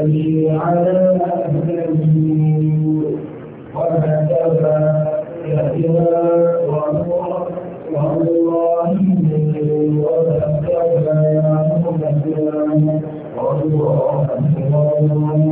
يمشي على أهله وهكذا كثيرا والله وهكذا كثيرا والله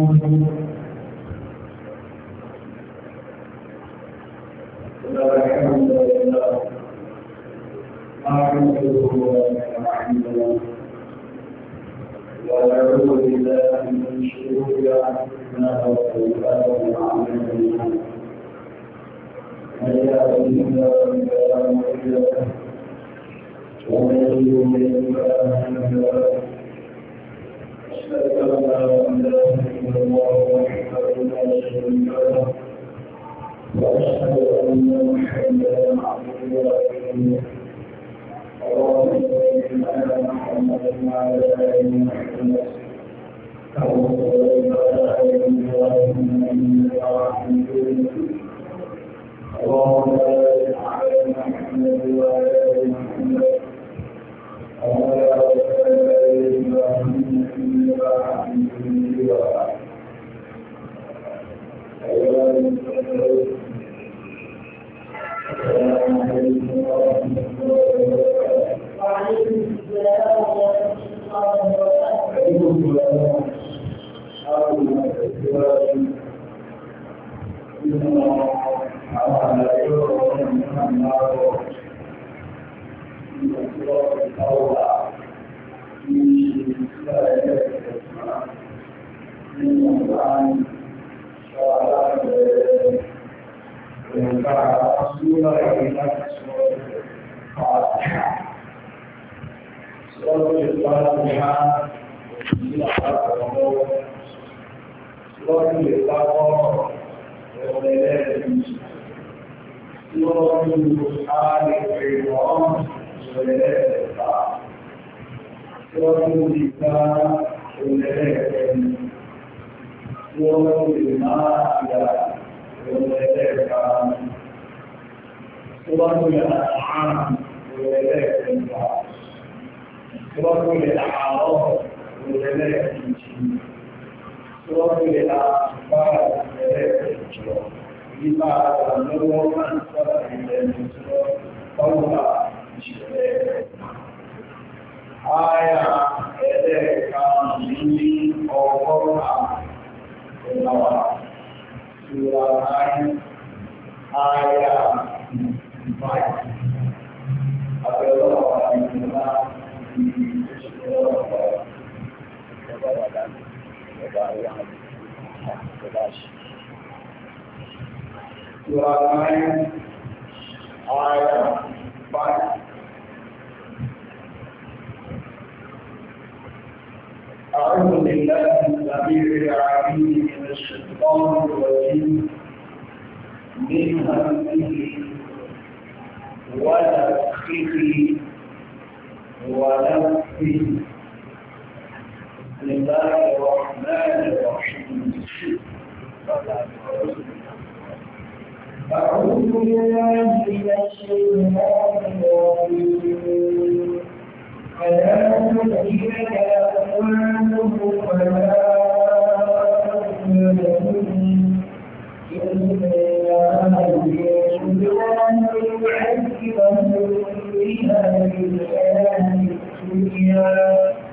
يعني بلاش سورة 9 آية 5 أعوذ بالله السميع العليم من الشيطان الرجيم من همزه ونفخه ونفسه بسم الله الرحمن الرحيم أعوذ بالله من الشيطان الرجيم فلا تبديل أقوالهم ولا أقوالهم إلا أن يشبهوا بالعز وهم بها في الحياة الدنيا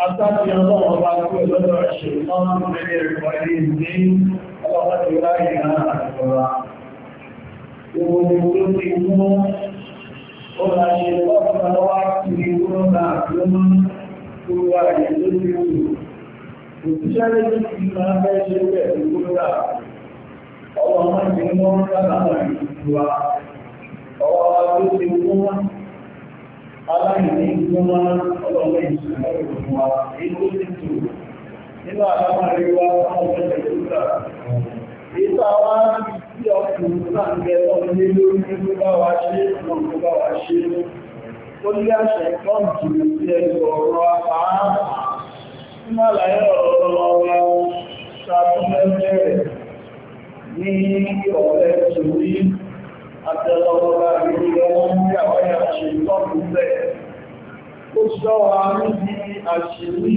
أستاذي الله وبعثه لدر الشيطان من الوالين دين وقد إلهنا أكبر يقولون ولا شيطان فلوات يقولون أكلم كل واحد يقولون وتشارك فيما بيشرك يقولون أكلم ọwọ́ wọn ti mú lábàbà ìjọba ọwọ́ tó ti mú wọn aláìní mú wọn ọlọ́mọ ìṣúná ìròyìn wa èyí ti tù nínú àdámà rí wa fáwọn ọ̀sẹ̀ tó gbà ìta wa ọkùnrin náà ń bẹ ọdún lé lórí tó bá wa ṣe ọ̀nà tó ó ní àṣẹ kan jù ọ̀rọ̀ apáá ní ọ̀rẹ́ torí àtẹ́lọ́wọ́lá ìrìnlẹ̀ wọ́n ní àwọn àṣẹ ìtọ́kù bẹ̀. Ó sọ wa níbi àṣìrí,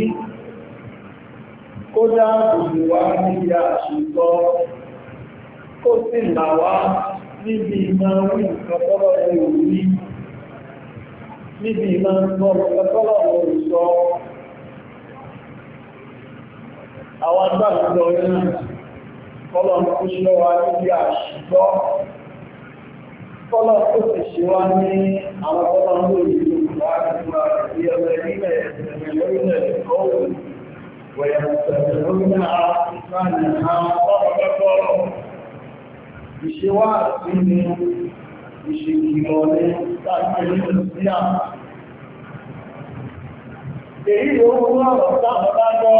kó dáàbò wá níbi àṣìtọ́, kó sì là wá níbi ìmọ̀ orí nǹkan àwọn agbáàgbọ́ náà kọ́lọ̀ tó ṣe wá níbi àṣìgbọ́ kọ́lọ̀ tó sì ṣe wá ní àwọn kọ́lọ̀ tó yìí tó wà nípa ìyẹ̀wò ìrìnlẹ̀ ìrìnlẹ̀ ìkọ́wò Ìṣèwà àti ni ìṣèkìlọ̀ ní láti ẹ̀lú sí àmà. Èyí yóò wọ́n rọ̀ sáàmọ́ bá gbọ́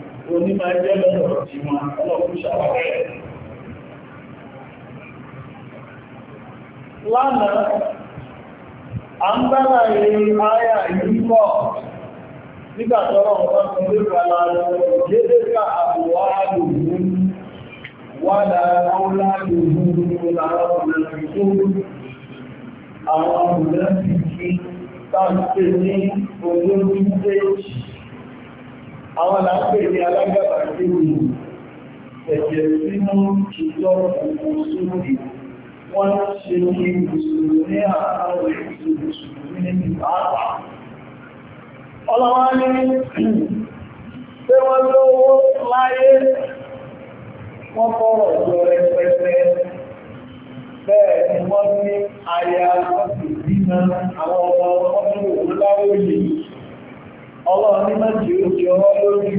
ní máa jẹ́ lọ́dọ̀ tí wọn ọlọ́pù ṣàwárẹ̀. Lánàá, a ń bára èrè ayà ìrúkọ̀ nígbàtọ́rọ̀ ọ̀pọ̀ tó lè pàlá jẹ́dẹ́gbà àbúwá lòhun wà lára ọlá lòhun lára ọ̀rẹ́ tó àwọn ọ̀rẹ́ ti àwọn làápè ní alágbàbà tí ó yìí ẹ̀jẹ̀ sínú ìjọ ìmùsùlùmí wọ́n ṣe kí mùsùlùmí àwọn ìmùsùlùmí ní pàápàá ọlọ́wọ́ ní pé wọ́n lówó láyé wọ́n fọ́rọ̀ jọ rẹpẹtẹ bẹ́ẹ̀ ni wọ́n ní aya wọ́n sì dínà àwọn ọmọ ọmọ ọlọ́run ní mẹ́jì ó jẹ ọwọ́ lórí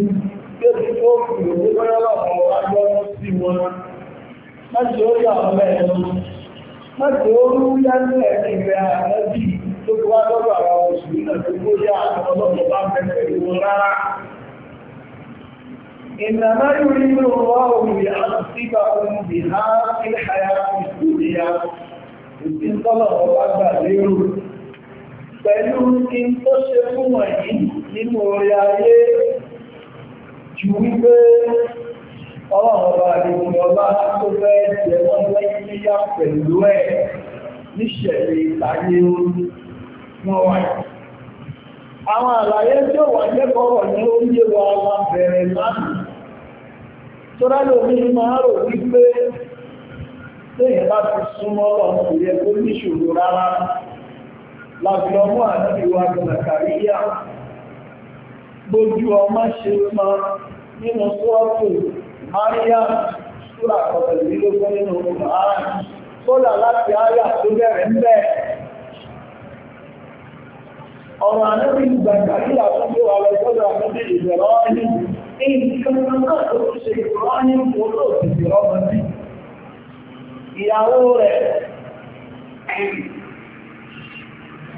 tẹ́sí tó fi òwú lọ́rẹ́ lọ́pọ̀ agbọ́ sí wọn mẹ́jì ó yà wọn bẹ́ẹ̀ mẹ́jì ó yá ní ẹ̀kí àrẹ́bí tó fi wá lọ́rọ̀ àwọn òṣèlú náà kó yá àwọn ọlọ́pọ̀ bá bẹ̀rẹ̀ إنما يريد الله ليعذبهم بها في الدنيا. إن الله أكبر pẹ̀lú kí n tó ṣe fún wọ̀nyí nínú orí ayé ju wípé ọlọ́ọ̀bá ìrìn ọba tó fẹ́ jẹ wọ́n lẹ́yìnlẹ́yà pẹ̀lú ẹ̀ níṣẹ̀lẹ̀ ìtàyé wọn wà. Àwọn àlàyé tí ó wà lẹ́kọ̀ọ́ ní oúnjẹ wa wa bẹ̀rẹ̀ lánàá. Tọ́lá lómi máa rò wípé lẹ́yìn láti súnmọ́ ọ̀sẹ̀ yẹ kó níṣòro rárá láti ọmọ àti ìwà Zakariya gbójú ọmọ ṣe ma nínú sọ́ọ̀tù Maria ṣúra kọ̀tẹ̀lélógún nínú ààrùn sólà láti àyà tó bẹ̀rẹ̀ ń bẹ̀ ọ̀rọ̀ ànábì Zakariya tó gbé wà lọ́sọ́dọ̀ àmúdé ìbẹ̀rọ ọ́nì nǹkan náà ìyàwó rẹ̀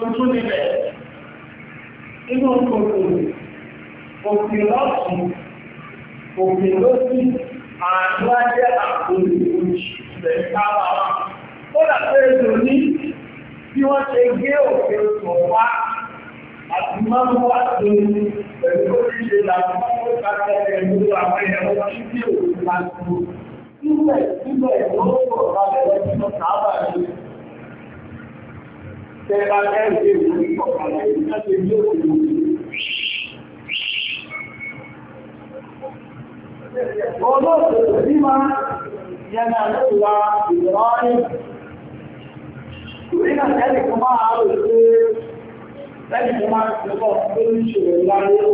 ojú níbẹ̀ inú kòkòrò òkè lọ́sùn òkè lọ́sùn àdúrà jẹ́ àkórí ojú rẹ̀ sábà wá ó dàbí èdè ní bí wọ́n ṣe gé òkè sọ̀ wá àti máa ń wá lórí pẹ̀lú oríṣẹ́ ìlànàmọ́ káàkiri ẹ̀lú àwọn ẹ̀rọ títí òkú láti mú. Síbẹ̀ síbẹ̀ ìwọ́n sọ̀rọ̀ láti ẹ̀rọ tí wọ́n sábà ní tẹ́ra ẹ̀rẹ́ ìwọ̀n ní ọ̀pàá láti ilé òkú. Olóòtú ní máa yẹna lọ́la ìrọ́rin. Ìrìnà tẹ́lẹ̀ kan máa rò pé tẹ́lẹ̀ kan máa ti lọ pé ní ṣòro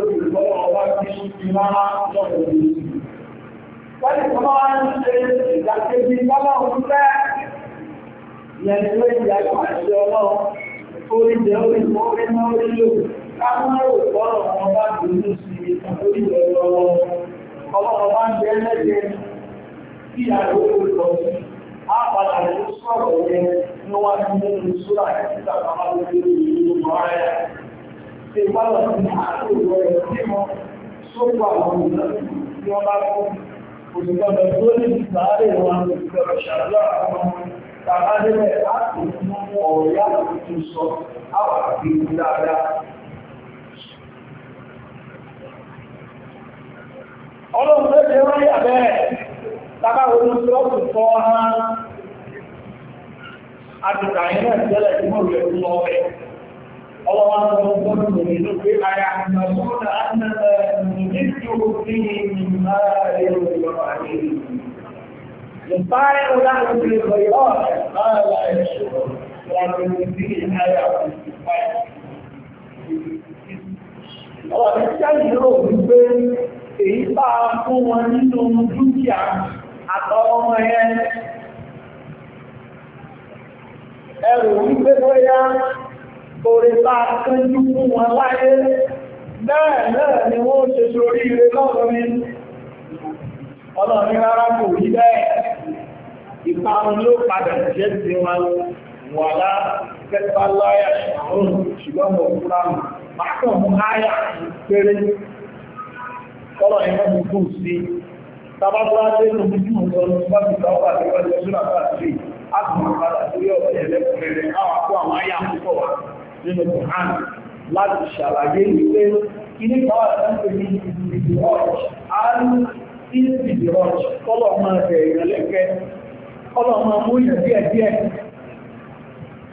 ń fẹ́ ìyẹn tó ìyá àti ọlọ́run oríjẹ orímọ́ orímọ́ orílò káàmọ́rò fọ́rọ̀ wọn bá gbòógùn sí orílẹ̀ ọlọ́run ọlọ́run bá ń jẹ́ lẹ́jẹ́ kí àgbò olùkọ́ sí àpàdà tó sọ̀rọ̀ yẹn ní wọ́n ti nínú sóra títà bàbá lórí ìlú mọ́ráyà ṣe báwọn ní àtòwò rẹ̀ tí wọ́n sókò àwọn ìlú tí wọ́n bá kú òṣìṣẹ́ ọ̀dọ́ tó lè sáré wọn òṣìṣẹ́ ọ̀ṣàdúrà àwọn ọmọ Bàbá débẹ̀ á kò mú ọ̀rọ̀ yá tó sọ, á wà bí i dáadáa. Ọlọ́run tó ṣe ráyà bẹ́ẹ̀, tábà wo ló tó ọ̀pọ̀ fọ́ hán. Àdùkà yẹn náà tẹ́lẹ̀ tí mo rẹ̀ lọ bẹ̀. Ọlọ́run tó ń bọ́ ló pé aya àmọ́ نطالع لهم بالخيرات ما لا يشعرون لكن في حياة Ọ̀rọ̀ ìṣẹ́jìrò wípé èyí bá fún wọn nínú dúkìá àtọmọ yẹn. Ẹrù wípé bóyá orí bá kánjú fún wọn láyé, bẹ́ẹ̀ náà ni wọ́n ṣe sórí ire lọ́rọ̀ mi ọlọ́ọ̀ni rárá kò rí bẹ́ẹ̀ ìparun ló padà jẹ́ sí wọn wà lá kẹta lọ́yà ọ̀run ṣùgbọ́n mo fúra mọ̀ máa kàn mú áyà péré kọ́lọ̀ ẹ̀rọ mi kù sí tabátúrá dé ló ń jù lọ ní bábí sáwọ́pà tí wọ́n ti ṣúra káàkiri a sì máa padà sórí láti ṣàlàyé wípé kí ní kọ́wà sẹ́ńtẹ̀ ní ìdílé ọ̀rọ̀ sí ìdìrọ̀jì kọ́lọ̀ máa bẹ̀ ìrẹ̀lẹ́kẹ́ kọ́lọ̀ máa mú ìrìn díẹ̀ díẹ̀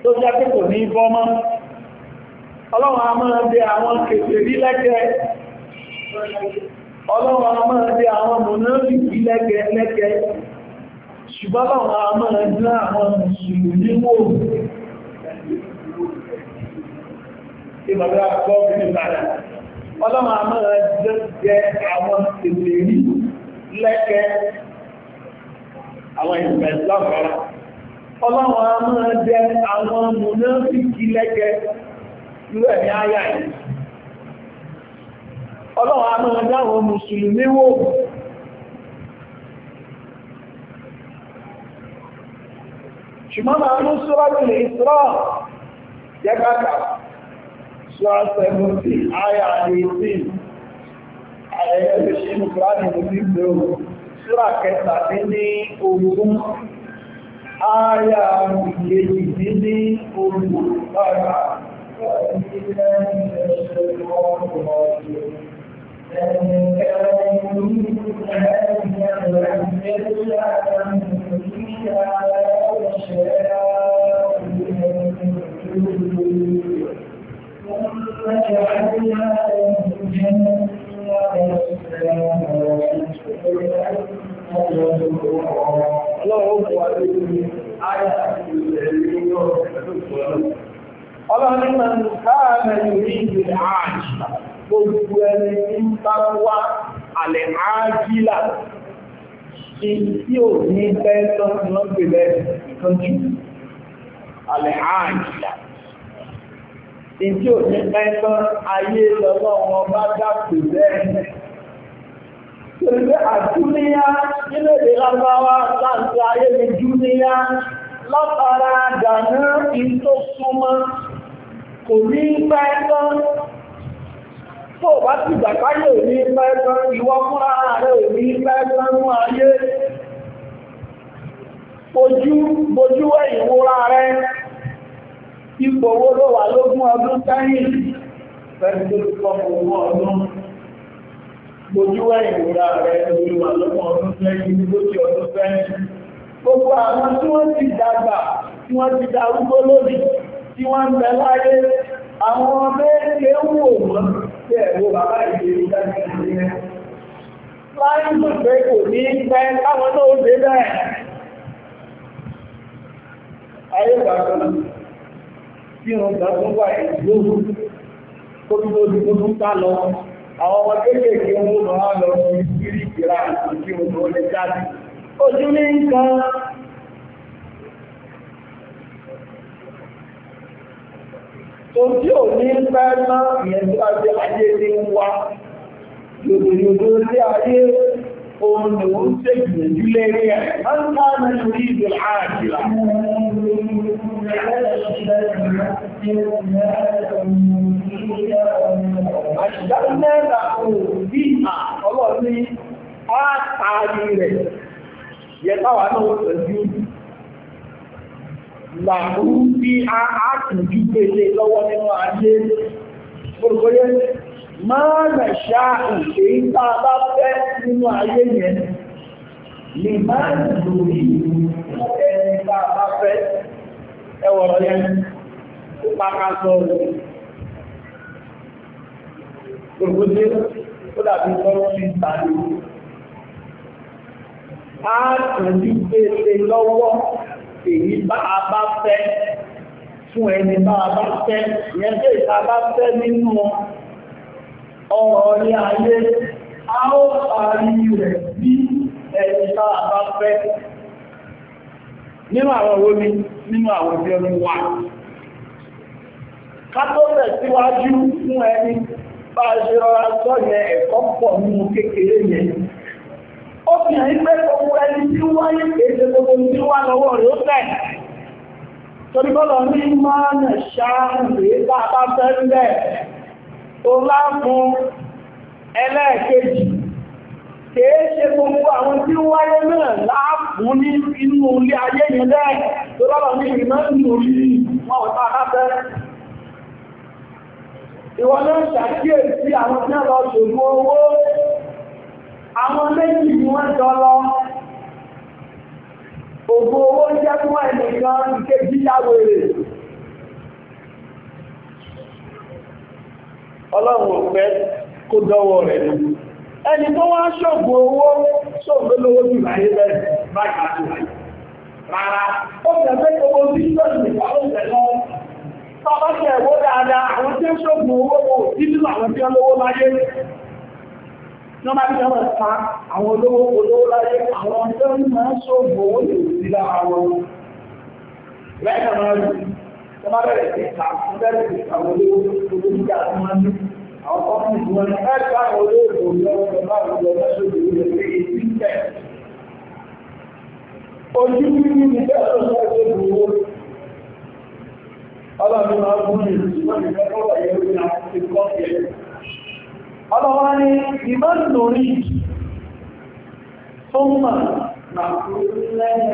tó jẹ́ pé kò ní bọ́mọ́ ọlọ́run a máa bẹ àwọn kèfèrí lẹ́kẹ́ ọlọ́run a máa bẹ àwọn mọ̀nàlìkì lẹ́kẹ́ lẹ́kẹ́ ṣùgbọ́n ọlọ́run a máa dá àwọn mùsùlùmí wò Ọlọ́run a máa jẹ́ àwọn ìlérí lẹ́kẹ́ àwọn ìgbà ìsìláfàrà ọlọ́run a máa jẹ àwọn mùnáfíkì lẹ́kẹ́ irú ẹ̀mí ayà yìí a máa jẹ àwọn mùsùlùmí wò ṣùgbọ́n máa mú Suratul Isra jẹ́ káàkà Surah 17 18 ẹ̀yẹ́ lè ṣe ní kúránì ní bíbí o síra kẹta dín ní ogún ááyà ìkejì dín ní ogún bára Thank you. Ọlọ́run ní mọ̀ ní káàmẹ̀ lórí ìgbè ààjìlá, gbogbo ẹni tí ń bá wá àlẹ̀ ààjìlá, tí tí ò ní pẹ́ tọ́ ti wọ́n pè bẹ́ẹ̀ ìtọ́jú ìdí òní pẹ́ntán ayé lọ́wọ́ wọn bá dàpọ̀ bẹ́ẹ̀. Tòlúwẹ́ àdúníyá nínú èdè lágbáwá láti ayé mi dúníyá látara dàná ìtó súnmọ́ kò ní pẹ́ntán. Tó bá ti gbàkáyé ò ní pẹ́ntán, ìwọ fúnra rẹ̀ ò ní pẹ́ntán mú ayé. Ojú, ẹ̀yìn wúra rẹ̀. ipò owó ló wà lógún ọdún sẹ́yìn pẹ̀lú tó ti kọ́ ọdún ẹ̀yìn ìwúra rẹ̀ lórí wà ọdún sẹ́yìn ọdún sẹ́yìn gbogbo àwọn tí wọ́n ti dàgbà tí wọ́n ti darúgbó lónìí tí wọ́n ń bẹ láyé àwọn ọmọ ẹgbẹ́ wò wọ́n bàbá mọ̀ pé kò ní pẹ́ káwọn náà ó tí wọ́n wà ìlú tó tó tá lọ àwọn ọmọ kéékèèké owó lọ wá lọ sí sírí ìkìlá àti òun lè jáde ojú ní nǹkan tó tí ò ní pẹ́ náà ayé ní wá lòdòdòdó sí ayé òun ni wọ́n tẹ́ ìgbìyànjú lérí ẹ̀ máa ń ká náà lórí ìdè ààbìlá àṣìdájú mẹ́ta òun bí à ọlọ́ọ̀ní àtàrí rẹ̀ yẹtàwà náà pẹ̀lú làbúrú bí a á tùjú pèlè lọ́wọ́ nínú ayé gbogbo máa rẹ̀ ṣá ìṣe ìta bá fẹ́ nínú ayé yẹn lè máa lórí ẹni tá a bá fẹ́ ẹwọ̀rọ̀ yẹn ó pàkà sọ rẹ̀. Gbogbo dé ó dàbí lọ́wọ́ sí ìtàlẹ́ àtàndí fún ẹni bá bá fẹ́ ìyẹn tó ìta bá fẹ́ nínú ọ̀rọ̀ ní ayé a ó parí rẹ̀ bí ẹni táà bá fẹ́ nínú àwọn nínú àwọn ibi ọmọ wa kátọ́fẹ̀ síwájú fún ẹni bá ṣe rọra sọ́yẹ ẹ̀kọ́ pọ̀ nínú kékeré yẹn ó fi hàn gbogbo ẹni tí gbogbo tí lọ́wọ́ rẹ̀ ó torí bọ́lọ̀ ní tó láàmùn ẹlẹ́ẹ̀kejì kìí ṣe gbogbo àwọn tí wáyé náà láàpù ní inú ilé ayé ìlẹ́ tó lọ́lọ́ ní ìrìnà nínú orí wọn ọ̀tá akáfẹ́ ìwọ̀n náà ṣàkíyèsí àwọn tí lọ ṣògbó owó àwọn méjì ni wọ́n jọ lọ ògbó owó jẹ́ fún ẹnìkan ìkejì yàwó èrè ọlọ́run ò fẹ́ kó dọ́wọ́ rẹ̀ nù ẹni tó wá ṣògùn owó ṣògùn lówó jù láyé bẹ́ẹ̀ báyìí láti wáyé rárá ó tẹ̀lé owó tí ṣògùn ìfọ́lùfẹ́ lọ tọ́bá ṣe ẹ̀wó dáadáa àwọn tí ó ṣògùn owó wò títí àwọn tí ó lówó láyé ní ọmọ bí ọmọ ta àwọn olówó olówó láyé àwọn tó ń máa ṣògùn owó lè sí lára wọn lẹ́ẹ̀kan ẹ má bẹ̀rẹ̀ sí ìta bẹ̀rẹ̀ sí àwọn olówó olówó ní ìjà tó máa ń ní àwọn kọ́ọ̀tù ìlú wọn ẹ bá àwọn olóògbé òjò ọ̀rọ̀ bá òjò ọ̀rọ̀ sóde ìlú rẹ̀ sí èyí tẹ̀. ojú mímí ni bẹ́ẹ̀ ló sọ ẹgbẹ́ ìlú ọlọ́run máa ń mú ìlú wọn ní fẹ́kọ̀ọ́ ẹ̀yẹ́ orí àwọn ti kọ́ ọlọ́wọ́ ní ìmọ̀lù lórí tó mọ̀ nà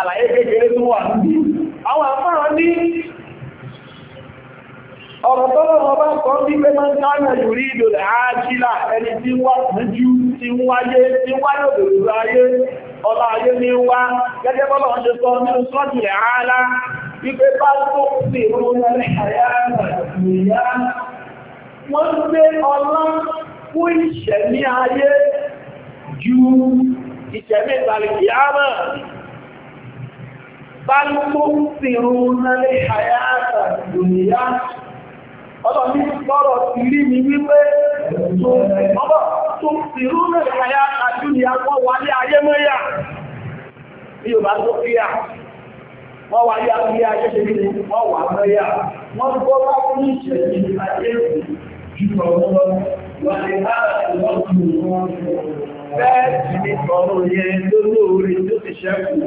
àlàyé kékeré tó wà níbi àwọn àfáà ní ọ̀rọ̀ tọ́lọ́ wọn bá kọ́ bí pé máa ń káàrà lórí ìdòlẹ̀ àájílà ẹni tí wá jù tí wáyé tí wáyé òdòdó ayé ọlá ayé ní wá gẹ́gẹ́ bọ́lọ̀ ń ṣe sọ nínú sọ́jìlẹ̀ àálá wípé bá tó sí wọ́n gbé ọlá fún ìṣẹ̀mí ayé ju ìṣẹ̀mí ìtàlẹ̀ kìí bal tu'thiruna al-hayata ad-dunya ọlọ́ni ti rí mi wípé tó sírú rẹ̀ àyá àdúnyà wọ́n wà ní ayé mẹ́yà ní tó kíyà wọ́n wà ní ayé ayé ṣe ní wọ́n mẹ́yà wọ́n gbọ́ bá fún ìṣẹ̀lẹ̀ ayé wà ní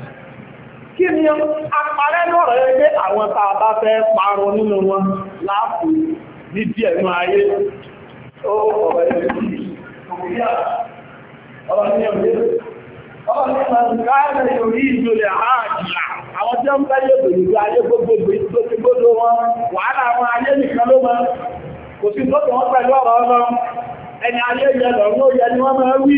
kí ni aparẹ́ lọ́rọ̀ ẹgbẹ́ àwọn tá a bá fẹ́ parọ́ nínú wọn láàpù ní díẹ̀ ní ayé ó ọ̀rọ̀ ẹgbẹ́ Àwọn tí ó ń bẹ́yẹ̀ bèèrè ayé gbogbogbò ìgbòsígbòdó wọn, wàhálà àwọn ayé nìkan ló mọ́, kò sí tó tọ́wọ́ pẹ̀lú ọ̀rọ̀ ọlọ́run, ẹni ayé yẹ lọ̀rún ó yẹ ni wọ́n máa wí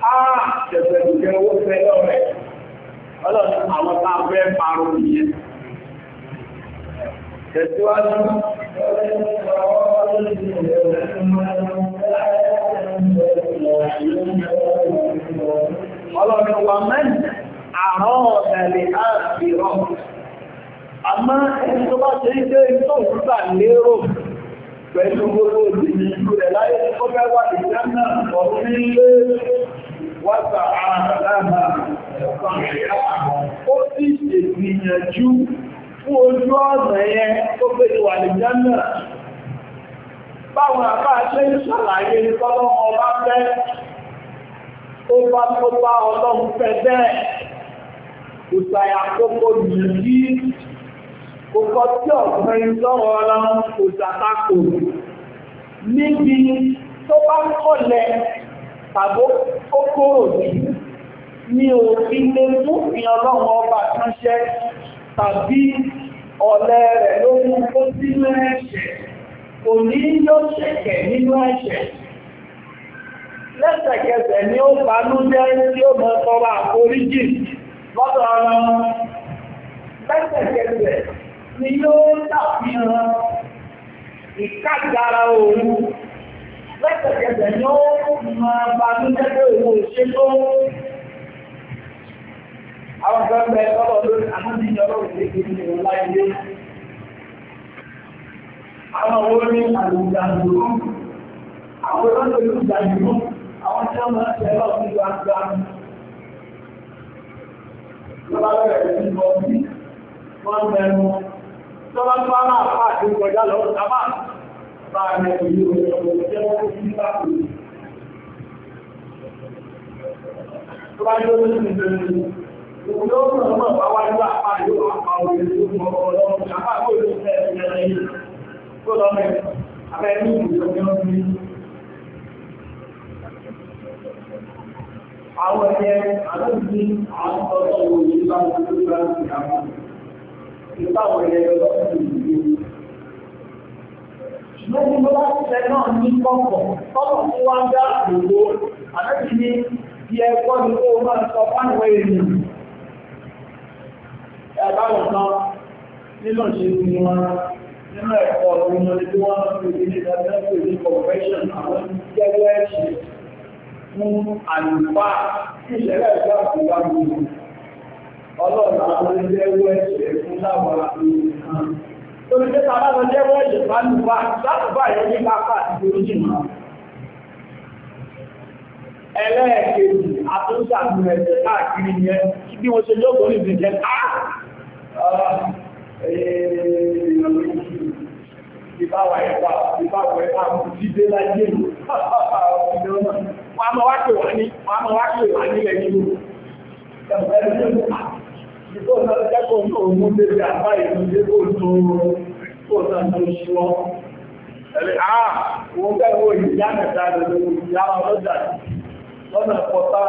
Ah, a fẹ́ parun nìyẹn tẹ̀síwájú ọlọ́ni wà mẹ́rin àrọ́ ọ̀dẹ̀lẹ̀ ààbìrọ̀ àmá ẹni tó bá ṣe ilé tó ń gbà lérò pẹ̀lú gbogbo òdìní ìlú rẹ̀ láyé tó fẹ́ wà ìjẹ́ náà ọ̀rún nílé wọ́ta àrànláàmà ó sì ṣègbìyànjú fún ojú ọ̀nà yẹn tó pé ìwà nìjánà báwọn àbá ṣe ń ṣàlàyé tọ́lọ́ ọba fẹ́ ó bá tó bá ọlọ́run fẹ́ bẹ́ẹ̀ òṣàyà kókó nìyí kókó tí ọ̀gbìn lọ́wọ́ ọlọ́run kò ṣàtakò níbi tó bá kọ̀lẹ̀ tàbó ó kóró ní ní òfin lè fún ìyàn ọlọ́run ọba kánṣẹ́ tàbí ọ̀lẹ rẹ̀ ló mú kó sínú ẹ̀ṣẹ̀ kò ní yóò ṣẹ̀kẹ̀ nínú ẹ̀ṣẹ̀ lẹ́sẹ̀kẹsẹ̀ ni ó banú jẹ́ tí ó mọ́ tọrọ àforíjì lọ́dọ̀ ara wọn lẹ́sẹ̀kẹsẹ̀ ni yóò ṣàfihàn ìkádàrà òun lẹ́sẹ̀kẹsẹ̀ ni ó máa bá ní jẹ́kọ́ ìwò ṣe tó àwọn gbẹ́gbẹ́ ọlọ́ lórí àmúdíjọ́ lórí ìdíje ìwọ̀lá ilé àwọn owó ní àlùjàndùrú àwọn olóòlù ìjàndùrú àwọn tí wọ́n máa tẹ̀lọ́ ní gbangba lọ́wọ́ bẹ̀rẹ̀ sí para que Àwọn ẹ̀yẹ àdúgbì àwọn ọ̀tọ̀ òwò ìgbà òkúrò láti àwọn ìgbà òwò ẹ̀yẹ lọ́pùpù lórí bó bá ṣiṣẹ́ náà ní kọ̀kọ̀ tọ́lọ̀ tí wọ́n dá òwò àbẹ́bí ní ti ẹ̀kọ́ ni kó o máa sọ fáwọn èèyàn nínú nínú ẹ̀kọ́ tí wọ́n fi ní ní confession àwọn ẹ̀ṣẹ̀ fún tí ìṣẹ̀lẹ̀ gbogbo ọlọ́run àwọn torí pé tàbá lọ jẹ́ wọ́n ìlú bá látùbá yẹn ní pápá àti oríjìnà ẹlẹ́ẹ̀kejì àtúnṣàmù ẹ̀jẹ̀ káàkiri yẹn bí wọ́n ṣe lóògbò ní ìdíjẹ́ Ìbáwà ẹ̀bá, ìbáwà ẹ̀bá, ìdíje láyé ìlú. Wọ́n a máa wá pè wá ní ilẹ̀ ìlú. Ẹ̀bẹ̀rẹ̀ Ìgbó náà kẹ́kọ̀ọ́ náà mú lébi àbá ìrìnlẹ́ kò tó kò náà tó ṣọ́. Ẹ̀rẹ́ àà, wọ́n bẹ́ẹ̀ wọ ìyá mẹ́ta lọ́dọ̀ ìyá ọlọ́dà lọ́nà pọ̀tá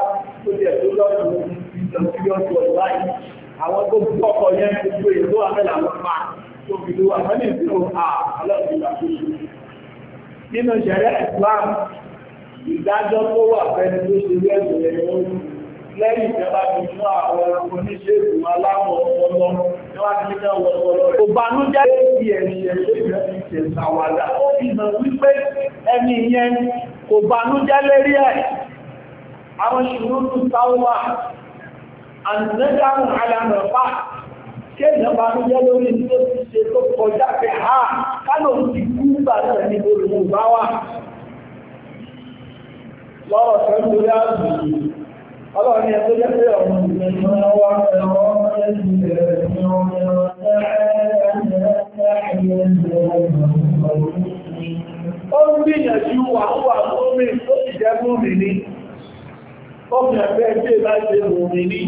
tó yẹ tó lọ́dọ̀ ìjọ̀síyọ́ tó láì. Àwọn tó bú ọkọ̀ yẹn gbogbo èdè àmẹ́là ló pa tó fi lówó àmẹ́lì ṣe rí ẹ̀sùn yẹn wọ́n ń lẹ́yìn ìjọba ti mú àwọn oníṣègùn aláwọ̀ ọpọlọ níwájú náà wọ ọpọlọ rẹ̀. Òbànújẹ́ ti ẹ̀ṣẹ̀ lẹ́yìn ẹ̀ṣẹ̀ ṣàwàdà ó fi hàn wípé ẹni yẹn kò bànújẹ́ lérí ẹ̀. Àwọn ṣùgbọ́n sáwà ànìyàn alàmọ̀fà kéèyàn bànújẹ́ lórí tó ti ṣe tó kọjá pé ha kánò ti kú bàtẹ̀ ní olùmọ̀ bá wà. Lọ́rọ̀ sẹ́ńtórí àgbègbè Ọlọ́run ni ẹgbẹ́ jẹ́ pé ọ̀run ìgbẹ̀rún wá ẹ̀rọ ọmọ ẹgbẹ̀rún ẹ̀rọ ọmọ ẹ̀rọ Ó ń gbìyànjú wà ń wà gómi tó ti jẹ́ gómi ní. Ó fi ẹgbẹ́ ẹgbẹ́ bá ṣe gómi ní.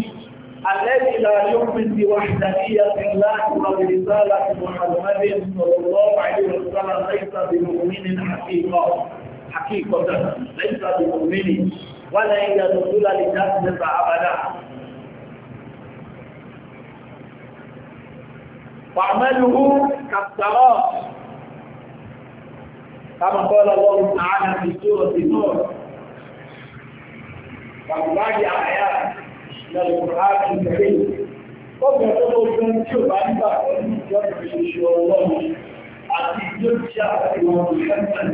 الذي لا يؤمن بوحدانية الله وبرسالة محمد صلى الله عليه وسلم ليس بمؤمن حقيقة حقيقة ليس بمؤمن إلى يدخل لتسلم أبدا فعمله كالصلاة كما قال الله تعالى في سورة النور وباقي آيات من القرآن الكريم Ọjọ́ ìjọba ọjọ́ tí ó bá nígbà pẹ̀lú ìjọba ìṣòro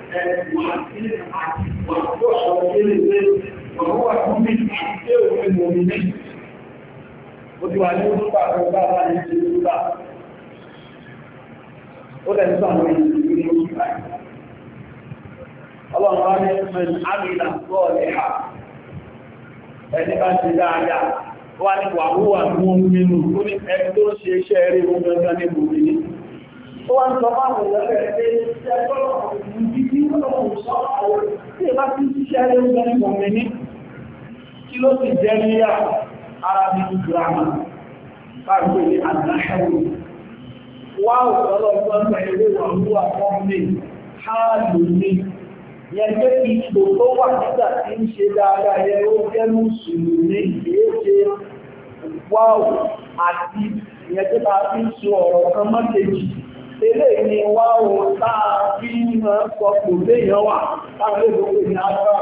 e ní orúkọ àwọn ní nínú, ó ní ẹni tó ṣe iṣẹ́ eré ní ó wá ń sọ fún àwọn ìyọ́fẹ́ pé ṣe gbọ́dọ̀ ìdí tí ó lọ́wọ́ sọ àwọn tí ìbá ti ń ṣiṣẹ́ ló ń bẹ ní ọ̀mẹ́ ní kí ló sì jẹ́ ní yà ara bí i girama káàkiri ní àdáṣẹ́wò wá òṣèlú ọgbọ́n ẹ̀rọ bá fi ń sọ ọ̀rọ̀ kan mọ́kejì Eléyìí ni wá ohun táa bí mọ́ sọ kò léèyàn wà láàrin gbogbo ní àgbà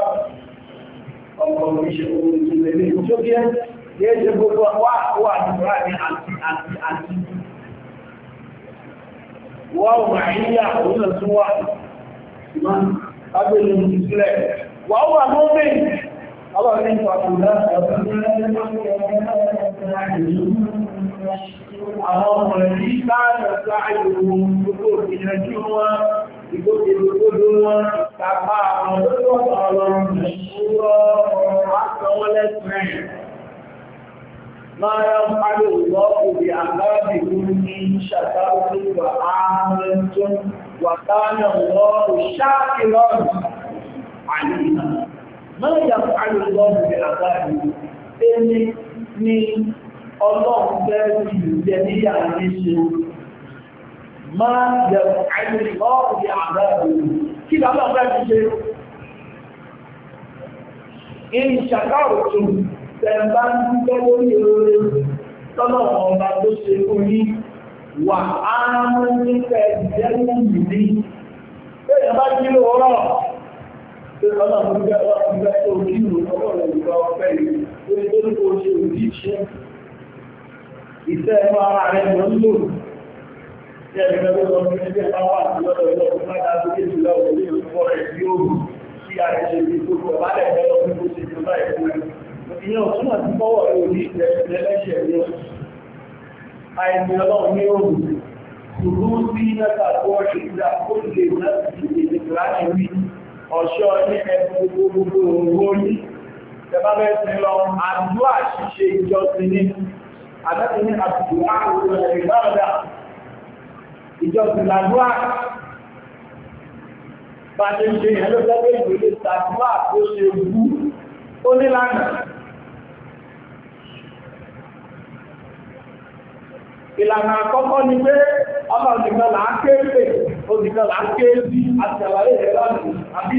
ọ̀pọ̀ ìṣẹ́ ohun ìṣẹ̀lẹ̀ tó gị ẹ́ yẹ́ ṣe gbogbo wà wà nígbà ní àti àti àti. Wọ́n wà níyà òun náà tún wà ìmọ̀ àwọn ọmọ ẹ̀rí báyọ̀ sáàyò ohun gbogbo ìyànjú wọn ìgbòkèlógbòdó wọn ìtàpá àwọn olóòtọ̀ ọlọ́run ìṣúrọ̀ ọ̀rọ̀ àtọwọ́ lẹ́sìn Máa ń parí òwúrọ̀ òbí àgbáàbì lórí ní ṣàtàrí wà áàrùn tó wà táyà lọ́rùn ṣáàkì lọ́rùn àyíká. Máa yà parí òwúrọ̀ òbí àgbáàbì lórí ní ọlọ́run fẹ́ fi ìjẹ níyà ní ṣe máa yẹ àìrí ọ́ọ̀rì àbá ìlú kí lọ́lọ́ fẹ́ fi ṣe ìṣàkárò tó tẹ̀mbá ń dúpẹ́ lórí eré tọ́lọ̀ ọba tó ṣe fún yí wà á mú nípa ìjẹ́ ní Bẹ́ẹ̀ bá jí ló rọ̀, tí ọlọ́run tó kí ìrò ọlọ́run ìgbà tó ní ìfẹ́ ẹ̀rọ ara rẹ̀ mọ́ ń lò tí ẹ̀rọ ẹgbẹ́ lọ sí ẹgbẹ́ pàwọ́ àti lọ́dọ̀ ìlọ́ fún mẹ́ta tó kéjì lọ òní ìrúkọ rẹ̀ tí ó rù kí a rẹ̀ ṣe bí tó kọ̀ bálẹ̀ ẹ̀rọ fún tó ṣe tó láì fún ẹ̀ ìyẹn òtún àti fọwọ́ rẹ̀ òní ìrẹ̀lẹ́ṣẹ̀ ni àìsí ọlọ́run ní òòrùn ṣùgbọ́n sí mẹ́ta tó ṣe ìgbà kó lè láti ìdìbò láti rí ọ̀ṣọ́ ní ẹ̀sùn gbogbo owó ní ẹ̀bá bẹ́ẹ̀ sí lọ àdúrà ṣíṣe ìjọsìn nínú àtàkùn ní àtùkùnmá òun rẹ̀ ìbáradà ìjọsìn làdúrà bá a ti ń ṣe ìyẹn ló fẹ́ pé ìwé ìtàdúrà tó ṣe wú ó ní ìlànà àkọ́kọ́ ni pé ọmọ òdìkan là á kéèké òdìkan là á kéèké àti àlàyé rẹ̀ lọ́nà àbí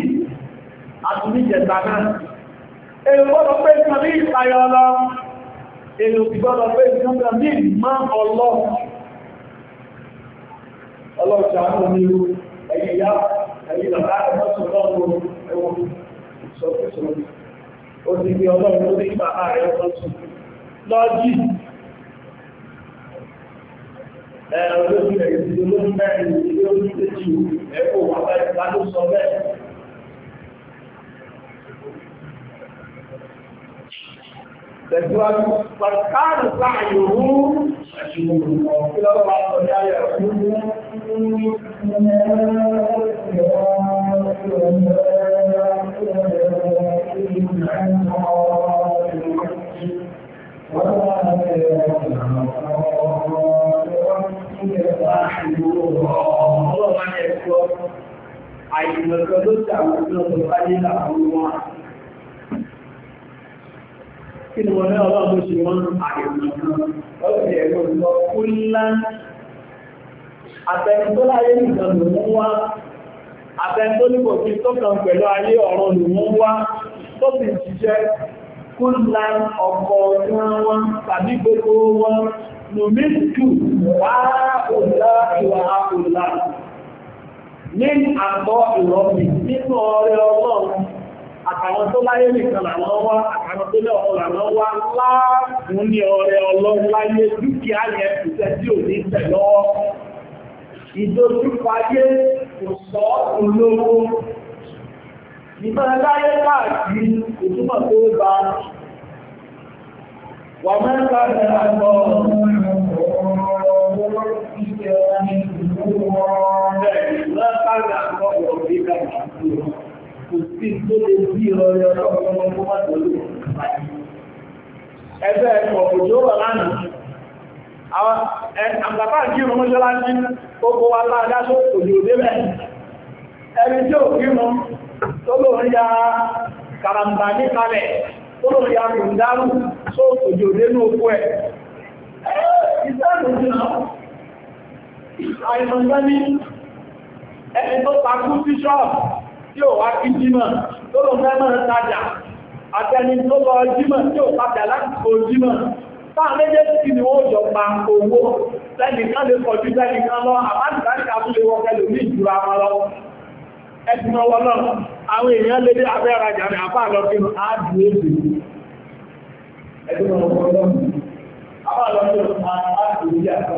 àtúnjẹta náà. èèwọ̀ lọ pé nǹkan ní ìtayọ lọ èèyàn ti gbọ́dọ̀ pé ìjọba ní ìmá ọlọ́ ọlọ́ọ̀ṣà àwọn onírú ẹ̀yìn ìyá ẹ̀yìn bàbá ẹ̀mọ́sùn lọ́wọ́ ẹ̀wọ̀n ìṣọ́kùsọ́ ó ti gbé ọlọ́run lórí bàbá rẹ̀ ọlọ́sùn tẹ̀síwájú pàtàkì sáàyè òun ìlọ́pàá ọ̀dá yẹ̀ Àìmọ̀kan ló ṣàwọn ìlọ́pàá ayé làwọn wọn kí ni wọ́n náà wọ́n mú sí wọ́n àtẹ́ntólípò fi tọ́kàn pẹ̀lú ayé ọ̀rọ̀ lùmú wá tó sì jíṣẹ́ kúlá ọkọ̀ wọn wọn tàbí gbogbo wọn lùmí jù wá òlá ìwà òlá ní àgbọ́ ìrọ̀mì nínú ọrẹ ọlọ́run àtàwọn tó láyé nìkan làwọn wá àtàwọn tó lẹ́ ọ̀rọ̀ làwọn wá láàrùn ní ọrẹ ọlọ́run láyé dúkìá yẹn kùsẹ́ tí ò ní tẹ̀ lọ́wọ́ ìdójúfayé kò sọ olówó ìbára láyé káàkiri ìtumọ̀ tó bá wà mẹ́ta ìrìnàjò Ìjọba ni ìlú wọn rẹ̀ lọ́pàá ìrìnàjò ọ̀rọ̀ ìgbà ìjọba kò sí tó lè bí ìrọ̀lẹ́ ọlọ́run ọmọ ọmọ ọmọ tó lò. Ẹgbẹ́ ẹ̀kọ́ òjò wà lánàá. Àwọn àgbàbà kí irun mọ́ṣọ́ láti gbogbo wa láàdá tó òjò débẹ̀. Ẹni tí ò kí mọ́ tó lò ń ya kàràmbà ní kalẹ̀, tó lò ya kùndárù tó òjò dé ní oko ẹ̀. Ìsáàlù ti nà, àìmọ̀gbẹ́ni, ẹni tó takú sí ṣọ́ọ̀bù tí ó wá kí jímọ̀ tó lọ mẹ́mọ̀ tajà àtẹni tó lọ jímọ̀ tí ó tajà láti kò jímọ̀ táà méjèèjì kí ni wọ́n jọ pa owó sẹ́nìkan lè kọjú sẹ́nìkan lọ àbájáríkà tó lè wọ́n kẹlò ní ìjúra wọn lọ ẹgbùnmọ́ wọn lọ àwọn èèyàn lè dé abẹ́ rajà rẹ̀ àbá lọ kí áàdù èdè ẹgbùnmọ́ wọn lọ àbá lọ kí áàdù èdè àbá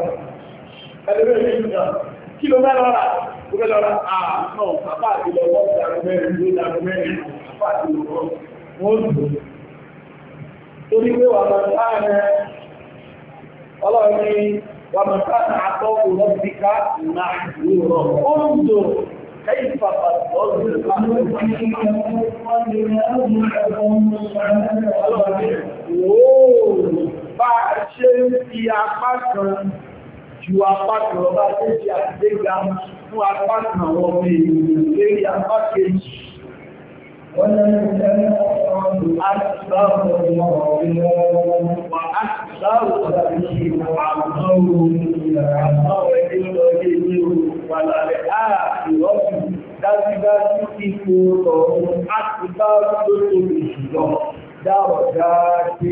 lọ kí ló fẹ́ lọ́ra ó fẹ́ lọ́ra àmọ́ bàbá àti lọ́wọ́ ìdàrú mẹ́rin ló dàrú mẹ́rin bàbá àti lọ́wọ́ wọn ó dùn torí pé wà máa sáàrẹ ọlọ́rin wà máa sáàrẹ àtọ́ ó ń dùn كيف تصدق Bá ju apákan ọba tẹ́jì àtìdéga fún apákan àwọn ọmọ ènìyàn lérí apákejì. Wọ́n lẹ́nu tẹ́lẹ̀ ọ̀rọ̀ àtìsáàrù ọmọ ọ̀rọ̀ wà àtìsáàrù ọ̀dàbíṣì àmọ́ òun àmọ́ ẹgbẹ́ lọ́lé ní wà lálẹ́ ààrùn dájúdájú ipò ọ̀rọ̀ àtìsáàrù tó tóbi jùlọ dáwọ̀ dáadé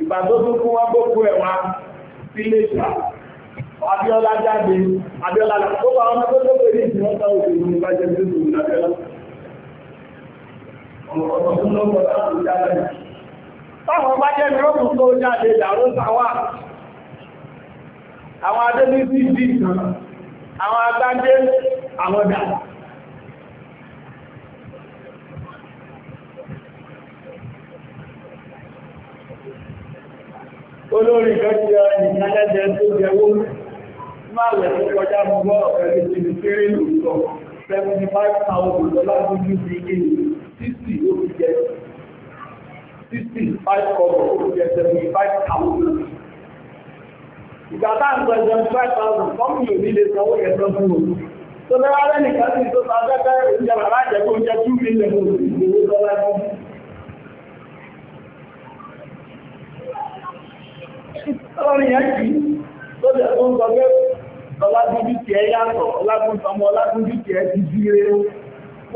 ìgbà tó kún gbókú ẹ̀ wá Abíọ́lá jáde Abíọ́lá tó wọn tó tó pèrè ìdí táwọn òṣèlú ní bàjẹ́ tó tó ní Abíọ́lá ọ̀rọ̀ láti jáde olórin ìgbẹ́jì ìrìnàjẹ́ tó jẹwó máa rẹ̀ tó kọjá mọ́ ọ̀rẹ́ ti lè kéré lòtọ̀ 75,000 dọ́là lójú sí ilé 60 ó fi jẹ 65 kọ̀ọ̀kọ̀ ó fi jẹ 75,000 ìgbàtà ń sọ 75,000 kọ́mí ò nílé sanwó ẹ̀sọ́ fún òun tó bẹ́wàá lẹ́nìkan sí tó ta fẹ́fẹ́ ìjọba láti ẹ̀kọ́ jẹ́ 2 million Ọlọ́rin yẹn kì í tó jẹ́ tó ń sọ pé ọlágúnjú tí ẹ yàtọ̀, ọlágúnjú ọmọ ọlágúnjú tí ẹ ti jíire.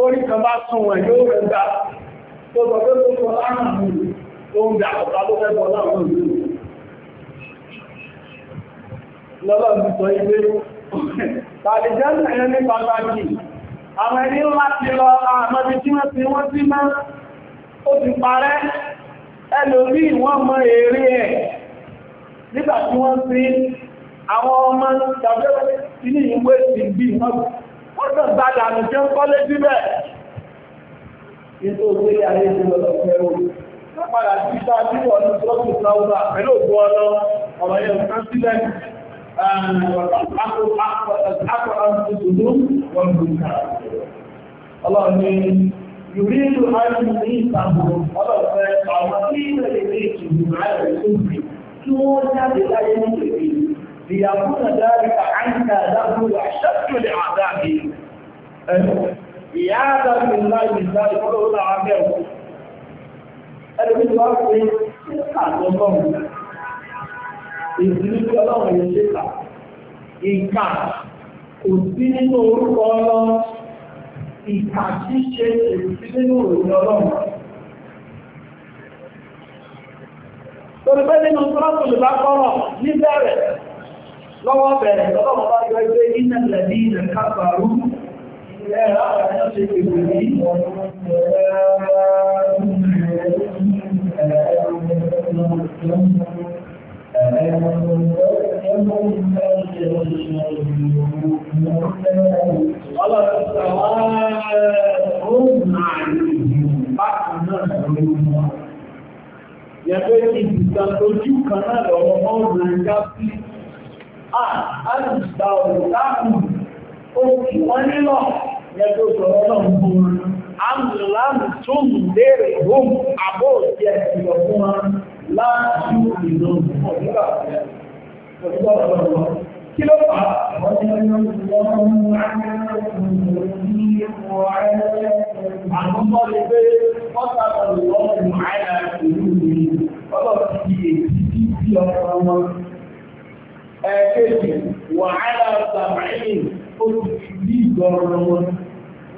Orí kan bá sùn wọ̀n yóò rẹ̀ gbà tó sọ pé tó sọ láàrín àmúlò tó ń gbà ọ̀tá tó fẹ́ ní pàtàkì, àwọn ẹni láti lọ àmọ́bí tí wọ́n ti wọ́n ó ti parẹ́, ẹlòmí wọ́n mọ èrè ẹ̀ nígbà tí wọ́n sí àwọn ọmọ tàbí ilé ìwé ti bí wọ́n tàn bá dànù jẹ́ ń kọ́lé síbẹ̀ nítorí pé ayé ti lọ́lọ́ fẹ́rò lápàdà sí sáà tí wọ́n ní sọ́ọ̀tù sáúdà pẹ̀lú òkú ọlọ́ ọ̀rọ̀ yẹn kan sílẹ̀ Ọlọ́run ni yìí rí ìlú ayé ní ìtàbùrù ọlọ́fẹ́ àwọn tí ìrẹ̀lẹ̀ ìtìbùrù ayé tó gbìyànjú tí wọ́n jáde láyé ní pèsè ìyàwónà dárí àkáǹkà lábúrò àṣẹ́kùnlẹ̀ àdáàbí ìyá àdáàbí láyé ìdárí fọ́lọ́wọ́ láwọn abẹ́ òkú ẹgbẹ́ tí wọ́n pè é àtọ́gọ́rùn ìdílé tí ọlọ́run yóò ṣe kà ìka kò sí nínú orúkọ ọlọ́run ìka ṣíṣe èsì nínú òṣèlú ọlọ́run torí pé nínú sọ́rọ̀tù lè bá kọ́rọ̀ ní bẹ̀rẹ̀ lọ́wọ́ bẹ̀rẹ̀ lọ́wọ́ bá yọ ẹgbẹ́ iná lẹ́bí ilẹ̀ kápàrú Ọlọ́run sọ̀rọ̀ ọ̀rọ̀ ọ̀rọ̀ yẹ̀fẹ́ ti ìgbìta lójú kan náà lọ́wọ́ mọ́rin ká sí àìsà òláàmù òkú wọ́n nílọ̀ yẹ́tò sọ̀rọ̀ náà ń bú wọn àmìláàmù tó ń léèrè rome àbó òsì ẹ̀sìnlọ̀ fún wọn láàájú ìlú ọ̀dúnbà kí ló fà á. Àkọ́kọ́ ni pé wọ́n sábà lọ fún àyà ìlú mi, ọlọ́ ti di èsì sí ọkọ̀ wọn. Ẹ̀kejì, wàhálà sàmáyé ó ti di ìgbọ̀rọ̀ wọn.